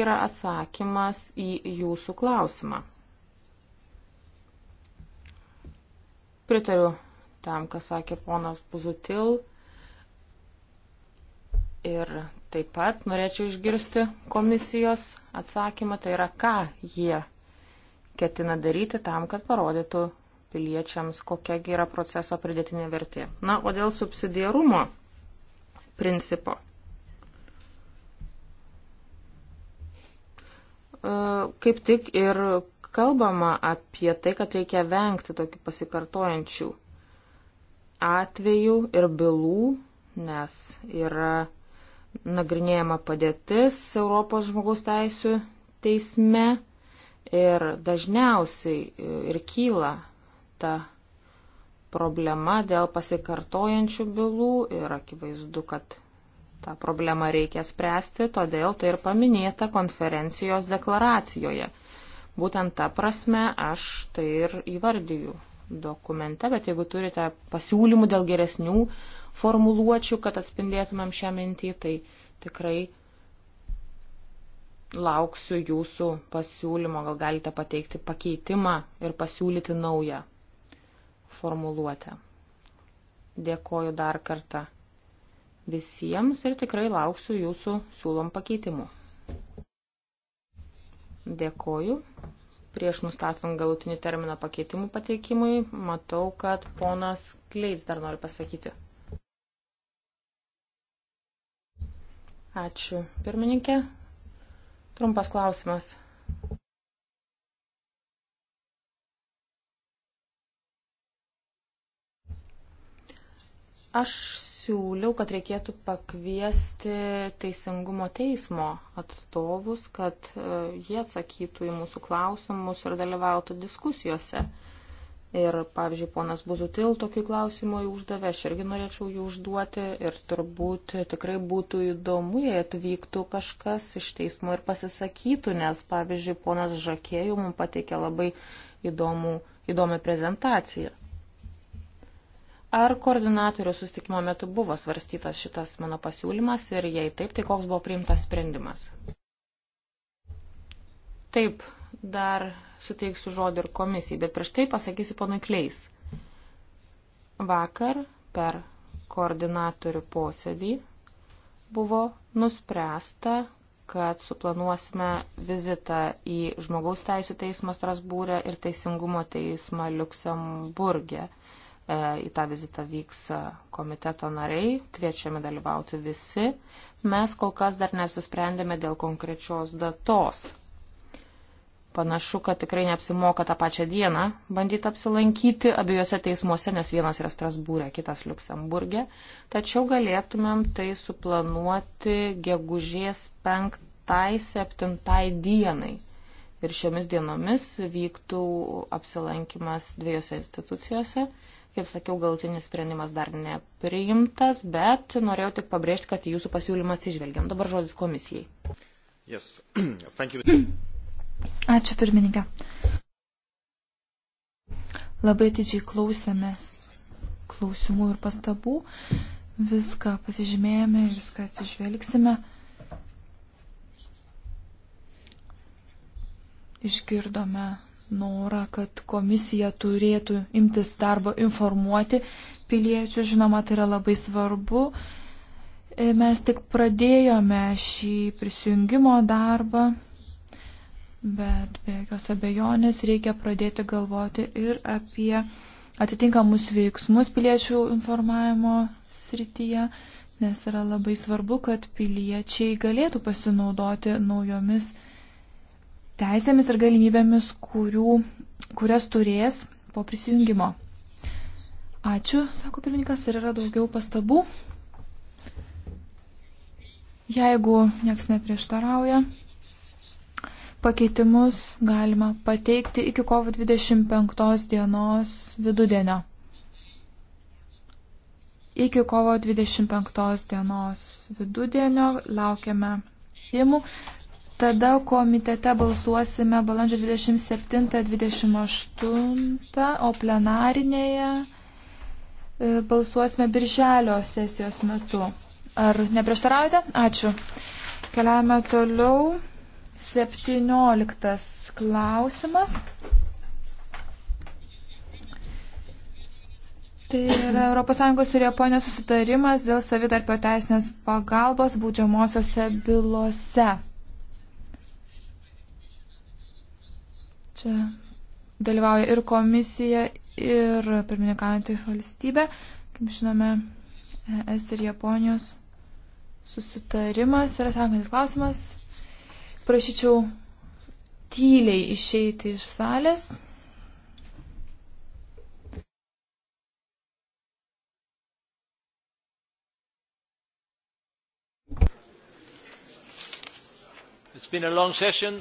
yra atsakymas į jūsų klausimą. Pritariu tam, kas sakė ponas Puzutil. Ir taip pat norėčiau išgirsti komisijos atsakymą, tai yra, ką jie ketina daryti tam, kad parodytų piliečiams, kokiagi yra proceso pridėtinė vertė. Na, o dėl subsidiarumo principo. E, kaip tik ir kalbama apie tai, kad reikia vengti tokių pasikartojančių atvejų ir bylų, nes yra nagrinėjama padėtis Europos žmogaus teisų teisme ir dažniausiai e, ir kyla ta problema dėl pasikartojančių bylų ir akivaizdu, kad tą problemą reikia spręsti, todėl tai ir paminėta konferencijos deklaracijoje. Būtent tą prasme aš tai ir įvardyju dokumente, bet jeigu turite pasiūlymų dėl geresnių formuluočių, kad atspindėtumėm šią mintį, tai tikrai lauksiu jūsų pasiūlymo, gal galite pateikti pakeitimą ir pasiūlyti naują formuluotę. Dėkoju dar kartą visiems ir tikrai lauksiu jūsų siūlom pakeitimų. Dėkoju. Prieš nustatant galutinį terminą pakeitimų pateikimui, matau, kad ponas Kleits dar nori pasakyti. Ačiū. Pirmininkė, trumpas klausimas. Aš siūliau, kad reikėtų pakviesti Teisingumo teismo atstovus, kad e, jie atsakytų į mūsų klausimus ir dalyvautų diskusijose. Ir, pavyzdžiui, ponas Buzutil tokių klausimų uždavė, aš irgi norėčiau jų užduoti ir turbūt tikrai būtų įdomu, jei atvyktų kažkas iš teismo ir pasisakytų, nes, pavyzdžiui, ponas Žakėjų mums pateikė labai įdomų, įdomią prezentaciją. Ar koordinatorių sustikimo metu buvo svarstytas šitas mano pasiūlymas ir jei taip, tai koks buvo priimtas sprendimas? Taip, dar suteiksiu žodį ir komisijai, bet prieš tai pasakysiu ponui Kleis. Vakar per koordinatorių posėdį buvo nuspręsta, kad suplanuosime vizitą į Žmogaus teisų teismą Strasbūrę ir Teisingumo teismą Luksemburgė. E, į tą vizitą vyks e, komiteto nariai, kviečiame dalyvauti visi. Mes kol kas dar neapsisprendėme dėl konkrečios datos. Panašu, kad tikrai neapsimoka tą pačią dieną bandyti apsilankyti abiejose teismuose, nes vienas yra Strasbūrė, kitas Luksemburgė. Tačiau galėtumėm tai suplanuoti gegužės 5-7 dienai. Ir šiomis dienomis vyktų apsilankimas dviejose institucijose. Kaip sakiau, galutinis sprendimas dar nepriimtas, bet norėjau tik pabrėžti, kad jūsų pasiūlymą atsižvelgiam. Dabar žodis komisijai. Yes. (clears throat) (clears throat) Ačiū pirmininkė. Labai atidžiai klausėmės klausimų ir pastabų. Viską pasižymėjome, viską atsižvelgsime. Išgirdome norą, kad komisija turėtų imtis darbo informuoti piliečių. Žinoma, tai yra labai svarbu. E, mes tik pradėjome šį prisijungimo darbą, bet be jokios abejonės reikia pradėti galvoti ir apie atitinkamus veiksmus piliečių informavimo srityje, nes yra labai svarbu, kad piliečiai galėtų pasinaudoti naujomis technologijomis teisėmis ir galimybėmis, kurių, kurias turės po prisijungimo. Ačiū, sako pirmininkas, ir yra daugiau pastabų. Jeigu nieks neprieštarauja, pakeitimus galima pateikti iki kovo 25 dienos vidudienio. Iki kovo 25 dienos vidudienio laukiame įmų. Tada komitete balsuosime balandžio 27-28, o plenarinėje e, balsuosime birželio sesijos metu. Ar neprieštaraujate? Ačiū. Keliame toliau. 17 klausimas. Tai yra ES ir Japonijos susitarimas dėl savitarpio teisinės pagalbos būdžiamosiose bylose. Čia dalyvauja ir komisija, ir pirmininkaujantį valstybę. Kaip žinome, ES ir Japonijos susitarimas yra sekantis klausimas. Prašyčiau tyliai išeiti iš salės. It's been a long session.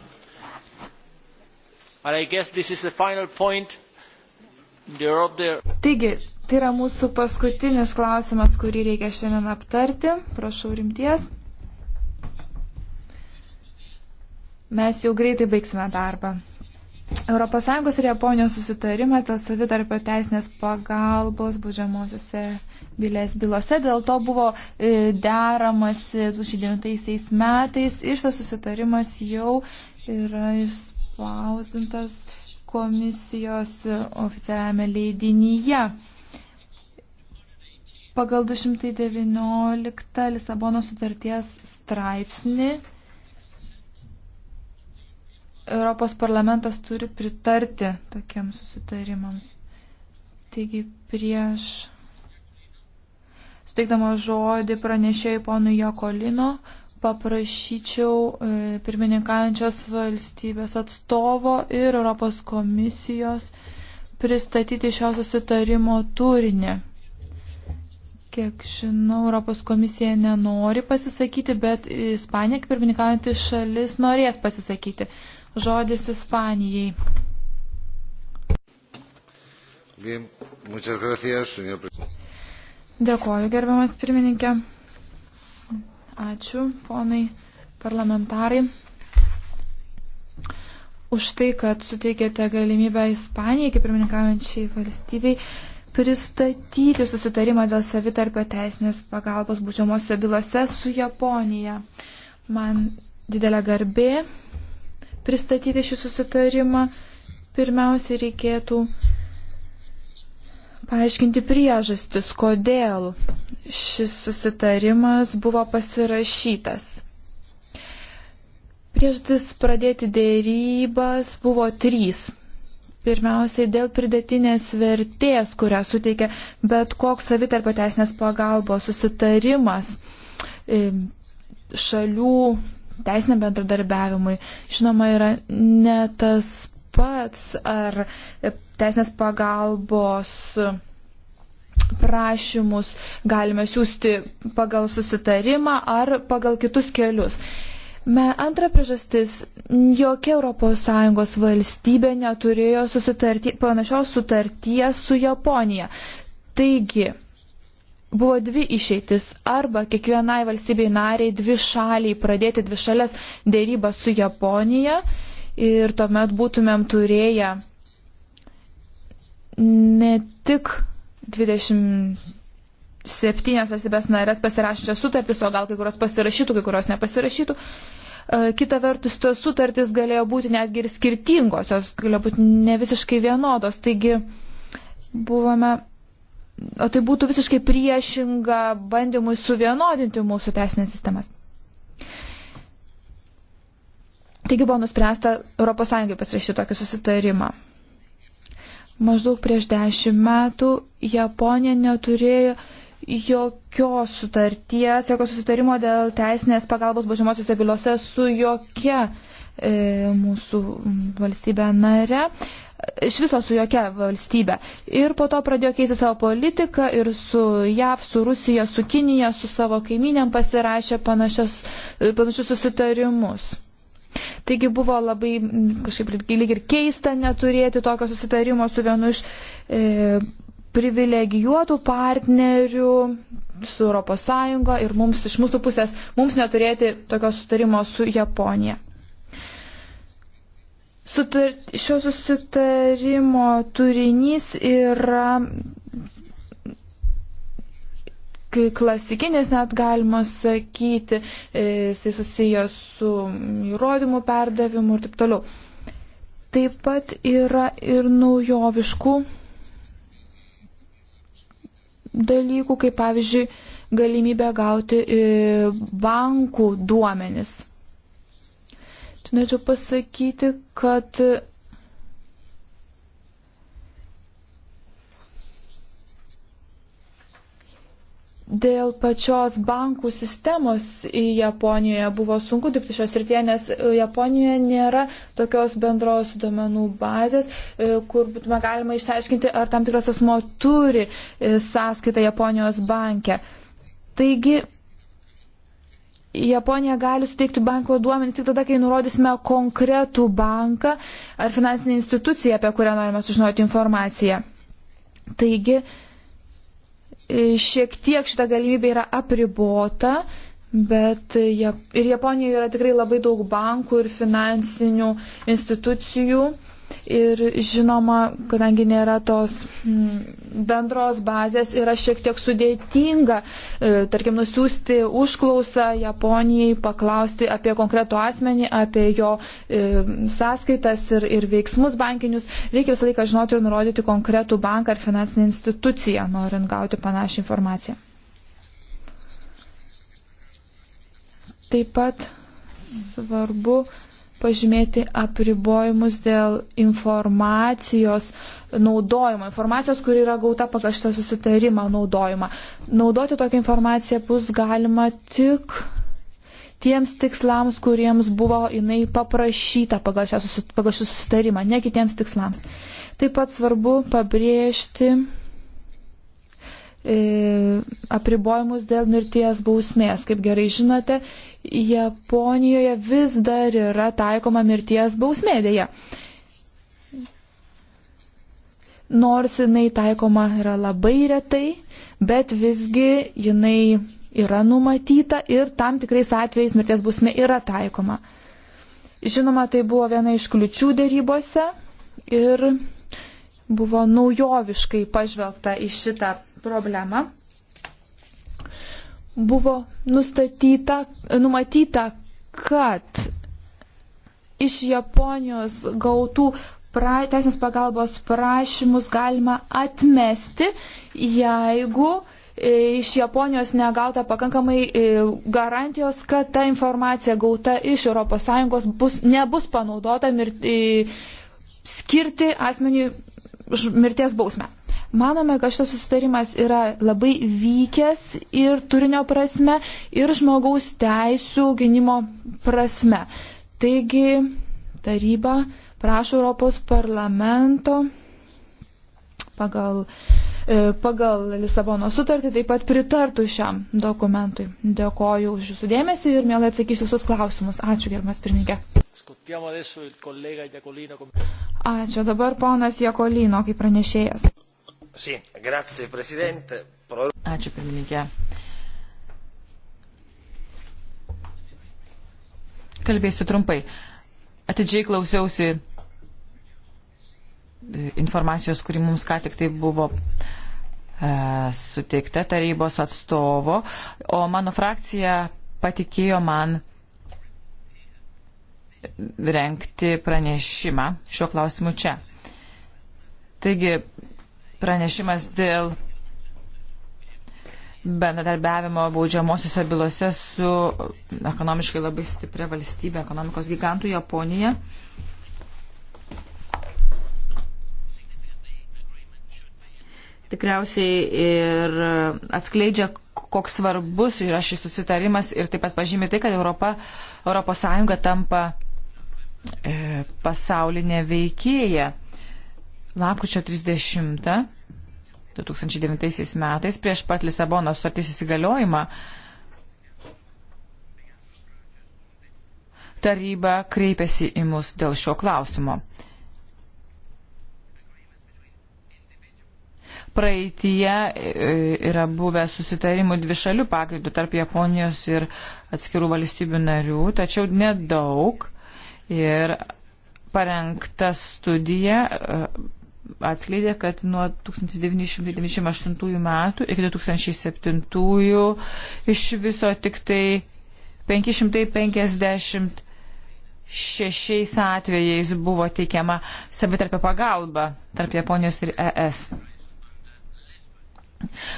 Taigi, tai yra mūsų paskutinis klausimas, kurį reikia šiandien aptarti. Prašau rimties. Mes jau greitai baigsime darbą. ES ir Japonijos susitarimas dėl savitarpio teisinės pagalbos būdžiamosiuose bylės bylose. Dėl to buvo e, deramas 2009 metais ir tas susitarimas jau yra išspausdintas komisijos oficialiame leidinyje. Pagal 219 Lisabono sutarties straipsnį Europos parlamentas turi pritarti tokiems susitarimams. Taigi prieš suteikdama žodį pranešėjai ponui Jokolino, paprašyčiau e, pirmininkaujančios valstybės atstovo ir Europos komisijos pristatyti šio susitarimo turinį. Kiek žinau, Europos komisija nenori pasisakyti, bet Ispanija, kaip pirmininkaujantį šalis, norės pasisakyti. Žodis Ispanijai. Bien, gracias, Dėkoju, gerbiamas pirmininkė. Ačiū, ponai parlamentarai, už tai, kad suteikėte galimybę Ispanijai, kaip pirmininkaujančiai valstybei, pristatyti susitarimą dėl savitarpio teisinės pagalbos būdžiamosiose bylose su Japonija. Man didelė garbė pristatyti šį susitarimą. Pirmiausia, reikėtų paaiškinti priežastis, kodėl šis susitarimas buvo pasirašytas. Priežastis pradėti dėrybas buvo trys. Pirmiausiai dėl pridėtinės vertės, kurią suteikia bet koks savitarpio teisinės pagalbos susitarimas e, šalių teisiniam bendradarbiavimui. Žinoma, yra ne tas pats, ar teisinės pagalbos prašymus galime siūsti pagal susitarimą ar pagal kitus kelius. Me, antra priežastis - jokia ES valstybė neturėjo panašios sutarties su Japonija. Taigi, buvo dvi išeitis - arba kiekvienai valstybei nariai dvi šaliai pradėti dvi šalės dėrybą su Japonija ir tuomet būtumėm turėję ne tik 27 valstybės narės pasirašyčios sutartis, o gal kai kurios pasirašytų, kai kurios nepasirašytų. E, kita vertus, tos sutartys galėjo būti netgi ir skirtingos, jos galėjo būti ne visiškai vienodos. Taigi buvome, o tai būtų visiškai priešinga bandymui suvienodinti mūsų teisinės sistemas. Taigi buvo nuspręsta ES pasirašyti tokį susitarimą. Maždaug prieš dešimt metų Japonija neturėjo jokios sutarties, jokios susitarimo dėl teisinės pagalbos bažymosiuose bylose su jokia e, mūsų valstybė nare iš viso su jokia valstybė. Ir po to pradėjo keisti savo politiką ir su JAV, su Rusija, su Kinija, su savo kaiminėm pasirašė panašius susitarimus. Taigi buvo labai kažkaip lyg ir keista neturėti tokio susitarimo su vienu iš e, privilegijuotų partnerių su ES ir mums iš mūsų pusės mums neturėti tokio susitarimo su Japonija. Sutar, šio susitarimo turinys yra klasikinis net galima sakyti, e, jisai susijęs su įrodymų perdavimu ir taip toliau. Taip pat yra ir naujoviškų dalykų, kaip pavyzdžiui, galimybė gauti e, bankų duomenis. Tai norėčiau pasakyti, kad Dėl pačios bankų sistemos Japonijoje buvo sunku dirbti šios rytyje, nes e, Japonijoje nėra tokios bendros duomenų bazės, e, kur būtume galima išsiaiškinti, ar tam tikras asmo turi e, sąskaitą Japonijos banke. Taigi, Japonija gali suteikti banko duomenys tik tada, kai nurodysime konkretų banką ar finansinę instituciją, apie kurią norime sužinoti informaciją. Taigi, uh, šiek tiek šita galimybė yra apribota, bet ir Japonijoje yra tikrai labai daug bankų ir finansinių institucijų, Ir žinoma, kadangi nėra tos mm, bendros bazės, yra šiek tiek sudėtinga, e, tarkim, nusiųsti užklausą Japonijai, paklausti apie konkretų asmenį, apie jo e, sąskaitas ir, ir veiksmus bankinius. Reikia visą laiką žinoti ir nurodyti konkretų banką ar finansinę instituciją, norint gauti panašią informaciją. Taip pat svarbu pažymėti apribojimus dėl informacijos naudojimo, informacijos, kuri yra gauta pagal šitą susitarimą naudojimą. Naudoti tokią informaciją bus galima tik tiems tikslams, kuriems buvo jinai paprašyta pagal šį susitarimą, ne kitiems tikslams. Taip pat svarbu pabrėžti E, apribojimus dėl mirties bausmės. Kaip gerai žinote, Japonijoje vis dar yra taikoma mirties bausmė dėja. Nors jinai taikoma yra labai retai, bet visgi jinai yra numatyta ir tam tikrais atvejais mirties bausmė yra taikoma. Žinoma, tai buvo viena iš kliučių dėrybose ir buvo naujoviškai pažvelgta į šitą problemą, buvo nustatyta, numatyta, kad iš Japonijos gautų pra, teisinės pagalbos prašymus galima atmesti, jeigu e, iš Japonijos negauta pakankamai e, garantijos, kad ta informacija gauta iš ES bus, nebus panaudota mirti, e, skirti asmeniui mirties bausmę. Manome, kad šitas susitarimas yra labai vykęs ir turinio prasme, ir žmogaus teisų gynimo prasme. Taigi taryba prašo Europos parlamento pagal, e, pagal Lisabono sutartį taip pat pritartų šiam dokumentui. Dėkoju už Jūsų dėmesį ir mielai atsakysiu visus klausimus. Ačiū, gerbimas pirmininkė. Ačiū dabar ponas Jekolino kaip pranešėjas. Ačiū pirmininkė. Kalbėsiu trumpai. Atidžiai klausiausi informacijos, kuri mums ką tik tai buvo e, suteikta tarybos atstovo, o mano frakcija patikėjo man renkti pranešimą šiuo klausimu čia. Taigi, pranešimas dėl bendradarbiavimo baudžiamosiose bylose su ekonomiškai labai stipria valstybė, ekonomikos gigantų Japonija. Tikriausiai ir atskleidžia, koks svarbus yra šis susitarimas ir taip pat pažymė tai, kad Europa, Europos Sąjunga tampa e, pasaulinė veikėja. Lapkričio 30 2009 metais prieš pat Lisabono sutartys įsigaliojimą taryba kreipėsi į mus dėl šio klausimo. Praeitie e, yra buvę susitarimų dvišalių pagrindų tarp Japonijos ir atskirų valstybių narių, tačiau nedaug. Ir parengta studija e, atskleidė, kad nuo 1998 metų iki 2007 iš viso tik tai 556 atvejais buvo teikiama savitarpio pagalba tarp Japonijos ir ES.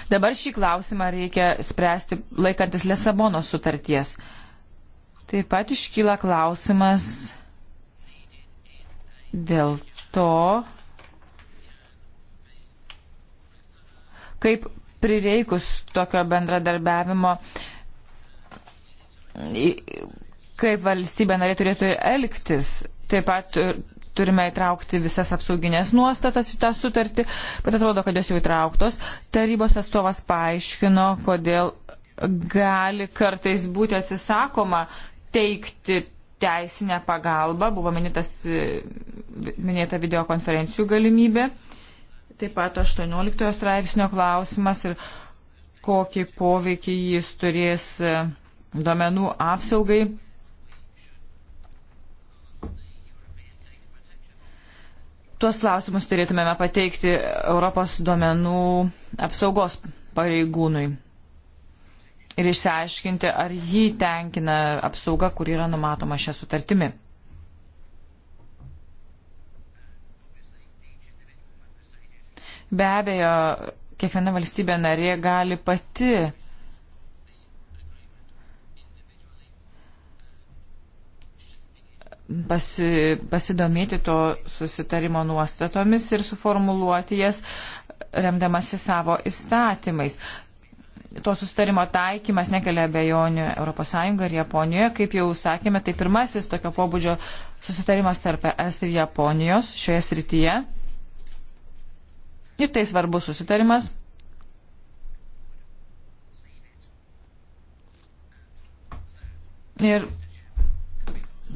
Dabar šį klausimą reikia spręsti laikantis Lesabonos sutarties. Taip pat iškyla klausimas dėl to, kaip prireikus tokio bendradarbiavimo, kaip valstybė narė turėtų elgtis. Taip pat turime įtraukti visas apsauginės nuostatas į tą sutartį, bet atrodo, kad jos jau įtrauktos. Tarybos atstovas paaiškino, kodėl gali kartais būti atsisakoma teikti teisinę pagalbą, buvo minėtas, minėta videokonferencijų galimybė. Uh, Taip pat 18 straipsnio klausimas ir kokį poveikį jis turės e, duomenų apsaugai. Tuos klausimus turėtumėme pateikti Europos duomenų apsaugos pareigūnui ir išsiaiškinti, ar jį tenkina apsauga, kur yra numatoma šią sutartimi. Be abejo, kiekviena valstybė narė gali pati pasi, pasidomėti to susitarimo nuostatomis ir suformuluoti jas remdamasi savo įstatymais. To susitarimo taikymas nekelia abejonių ES ir Japonijoje. Kaip jau sakėme, tai pirmasis tokio pobūdžio susitarimas tarp ES ir Japonijos šioje srityje. Ir tai svarbus susitarimas. Ir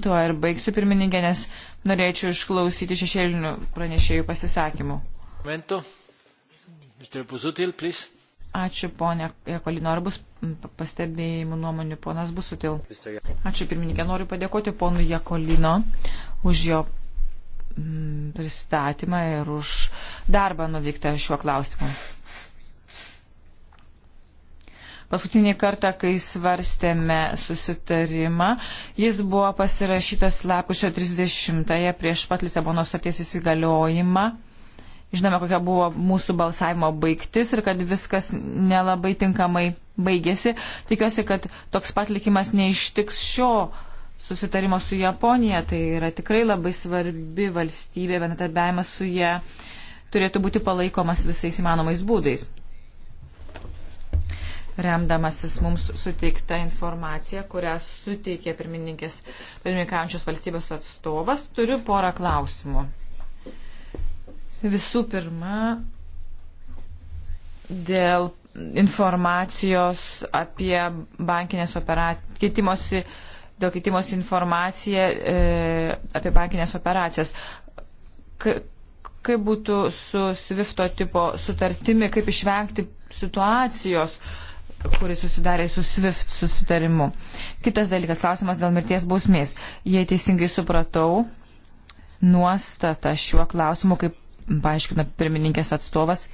tuo ir baigsiu pirmininkė, nes norėčiau išklausyti šešėlinių pranešėjų pasisakymų. Momento. Mr. Busutil, please. Ačiū, ponia Jekolino. Ar bus pastebėjimų nuomonių, ponas Busutil? Ačiū, pirmininkė. Noriu padėkoti ponui Jekolino už jo Mm, pristatymą ir už darbą nuvyktą šiuo klausimu. Paskutinį kartą, kai svarstėme susitarimą, jis buvo pasirašytas lapušio 30-ąją prieš pat Lisabono starties įsigaliojimą. Žinome, kokia buvo mūsų balsavimo baigtis ir kad viskas nelabai tinkamai baigėsi. Tikiuosi, kad toks pat likimas neištiks šio susitarimo su Japonija, tai yra tikrai labai svarbi valstybė, bendradarbiavimas su ją turėtų būti palaikomas visais įmanomais būdais. Remdamasis mums suteikta informacija, kurią suteikė pirmininkės pirmininkaujančios valstybės atstovas, turiu porą klausimų. Visų pirma, dėl informacijos apie bankinės operacijos, keitimosi uh, dėl keitimos informacija e, apie bankinės operacijas. Ka, kaip būtų su Svifto tipo sutartimi, kaip išvengti situacijos, kuris susidarė su Swift susitarimu. Kitas dalykas, klausimas dėl mirties bausmės. Jei teisingai supratau, nuostata šiuo klausimu, kaip paaiškina pirmininkės atstovas,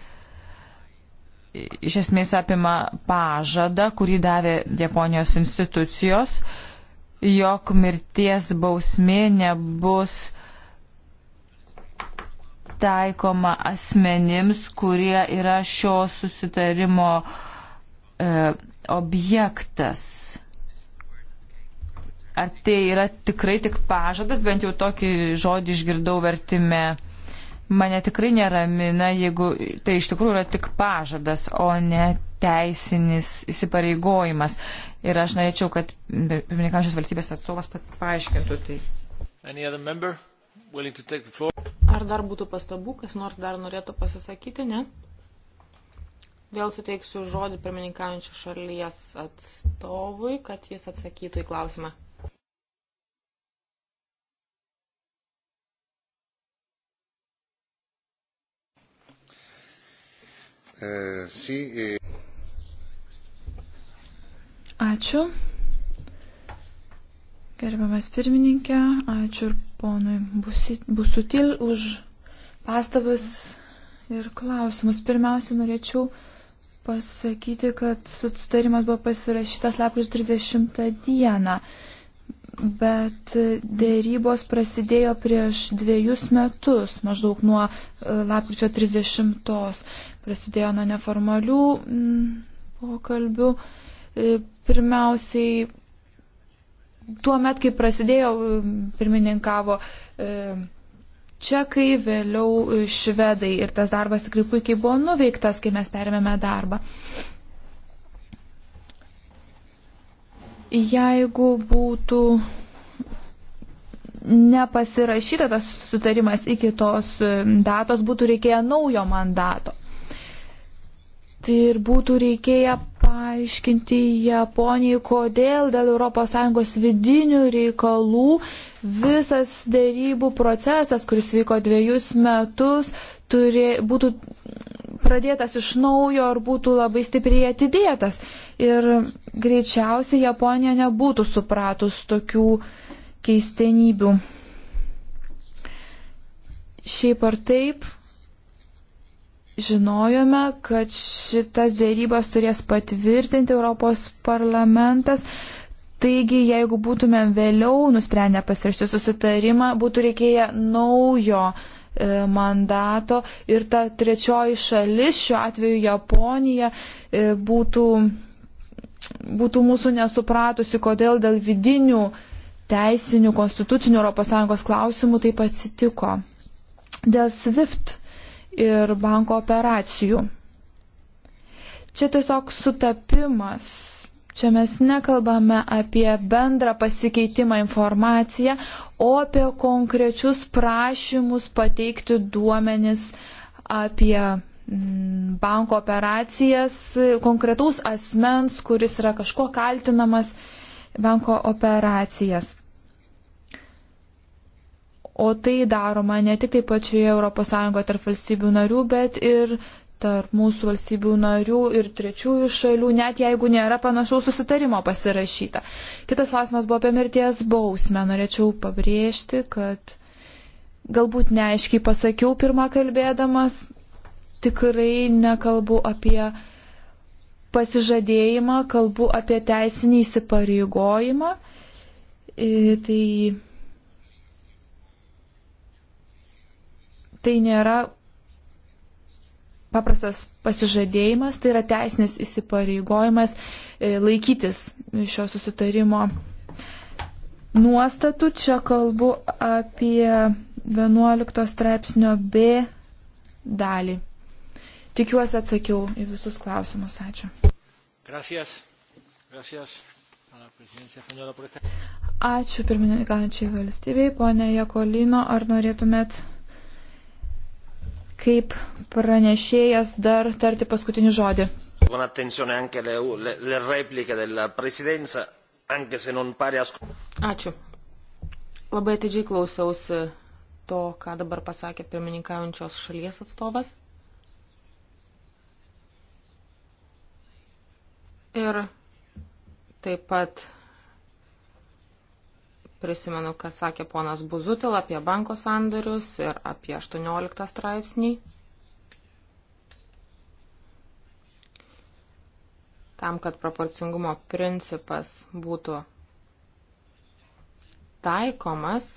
iš esmės apima pažadą, kurį davė Japonijos institucijos jog mirties bausmė nebus taikoma asmenims, kurie yra šio susitarimo e, objektas. Ar tai yra tikrai tik pažadas, bent jau tokį žodį išgirdau vertime mane tikrai neramina, jeigu tai iš tikrųjų yra tik pažadas, o ne teisinis įsipareigojimas. Ir aš norėčiau, kad pirmininkančios valstybės atstovas paaiškintų tai. Ar dar būtų pastabų, kas nors dar norėtų pasisakyti, ne? Vėl suteiksiu žodį pirmininkaujančio šalies atstovui, kad jis atsakytų į klausimą. Eh, eh. Ačiū. Gerbiamas pirmininkė, ačiū ir ponui Busutil už pastabas ir klausimus. Pirmiausia, norėčiau pasakyti, kad sutarimas buvo pasirašytas lapkričio 30 dieną, bet dėrybos prasidėjo prieš dviejus metus, maždaug nuo eh, lapkričio 30 prasidėjo nuo neformalių mm, pokalbių. E, pirmiausiai, tuo met, kai prasidėjo, pirmininkavo e, čekai, vėliau e, švedai ir tas darbas tikrai puikiai buvo nuveiktas, kai mes perėmėme darbą. Jeigu būtų nepasirašyta tas sutarimas iki tos datos, būtų reikėję naujo mandato. Tai ir būtų reikėję paaiškinti Japonijai, kodėl dėl ES vidinių reikalų visas dėrybų procesas, kuris vyko dviejus metus, turė, būtų pradėtas iš naujo ar būtų labai stipriai atidėtas. Ir greičiausiai Japonija nebūtų supratus tokių keistenybių. Šiaip ar taip, žinojome, kad šitas dėrybas turės patvirtinti Europos parlamentas. Taigi, jeigu būtumėm vėliau nusprendę pasirašyti susitarimą, būtų reikėję naujo e, mandato ir ta trečioji šalis, šiuo atveju Japonija, e, būtų, būtų mūsų nesupratusi, kodėl dėl vidinių teisinių, konstitucinių ES klausimų taip atsitiko. Dėl SWIFT ir banko operacijų. Čia tiesiog sutapimas. Čia mes nekalbame apie bendrą pasikeitimą informaciją, o apie konkrečius prašymus pateikti duomenis apie mm, banko operacijas konkretaus asmens, kuris yra kažko kaltinamas banko operacijas. O tai daroma ne tik taip pačioje ES tarp valstybių narių, bet ir tarp mūsų valstybių narių ir trečiųjų šalių, net jeigu nėra panašaus susitarimo pasirašyta. Kitas klausimas buvo apie mirties bausmę. Norėčiau pabrėžti, kad galbūt neaiškiai pasakiau pirmą kalbėdamas, tikrai nekalbu apie pasižadėjimą, kalbu apie teisinį įsipareigojimą. Tai tai nėra paprastas pasižadėjimas, tai yra teisinis įsipareigojimas e, laikytis šio susitarimo nuostatų. Čia kalbu apie 11 straipsnio B dalį. Tikiuosi atsakiau į visus klausimus. Ačiū. Gracias. Gracias. Ačiū pirmininkaujančiai valstybei. Pone Jekolino, ar norėtumėt kaip pranešėjas dar tarti paskutinį žodį. Ačiū. Labai atidžiai klausiausi to, ką dabar pasakė pirmininkaujančios šalies atstovas. Ir taip pat Prisimenu, ką sakė ponas Buzutil apie banko sandorius ir apie 18 straipsnį. Tam, kad proporcingumo principas būtų taikomas,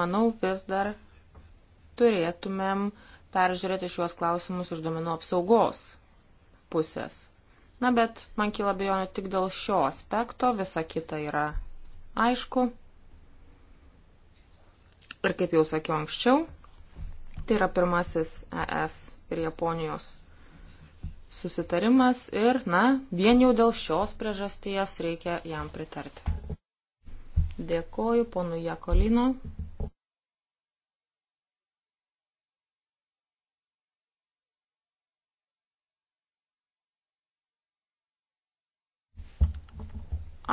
manau, vis dar turėtumėm peržiūrėti šiuos klausimus iš duomenų apsaugos pusės. Na, bet man kyla bejonių tik dėl šio aspekto, visa kita yra aišku. Ir kaip jau sakiau anksčiau, tai yra pirmasis ES ir Japonijos susitarimas ir, na, vien jau dėl šios priežasties reikia jam pritarti. Dėkoju ponui Jakolino.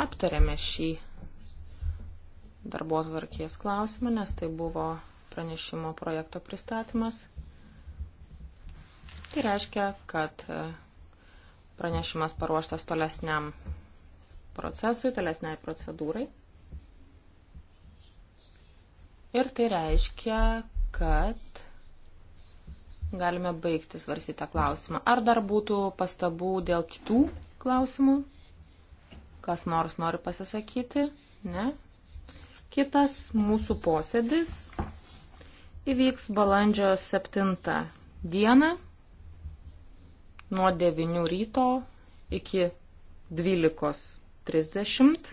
Aptarėme šį darbo tvarkės klausimą, nes tai buvo pranešimo projekto pristatymas. Tai reiškia, kad e, pranešimas paruoštas tolesniam procesui, tolesniai procedūrai. Ir tai reiškia, kad galime baigti svarstytą klausimą. Ar dar būtų pastabų dėl kitų klausimų? Kas nors nori pasisakyti? Ne? Kitas mūsų posėdis įvyks balandžio 7 dieną nuo 9 ryto iki 12.30.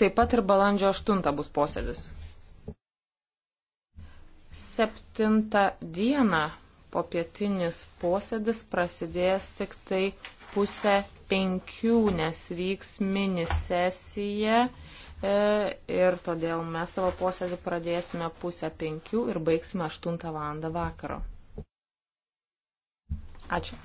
Taip pat ir balandžio 8 bus posėdis. 7 dieną popietinis posėdis prasidės tik tai pusę penkių, nes vyks mini sesija e, ir todėl mes savo posėdį pradėsime pusę penkių ir baigsime 8 val. vakaro. Ačiū.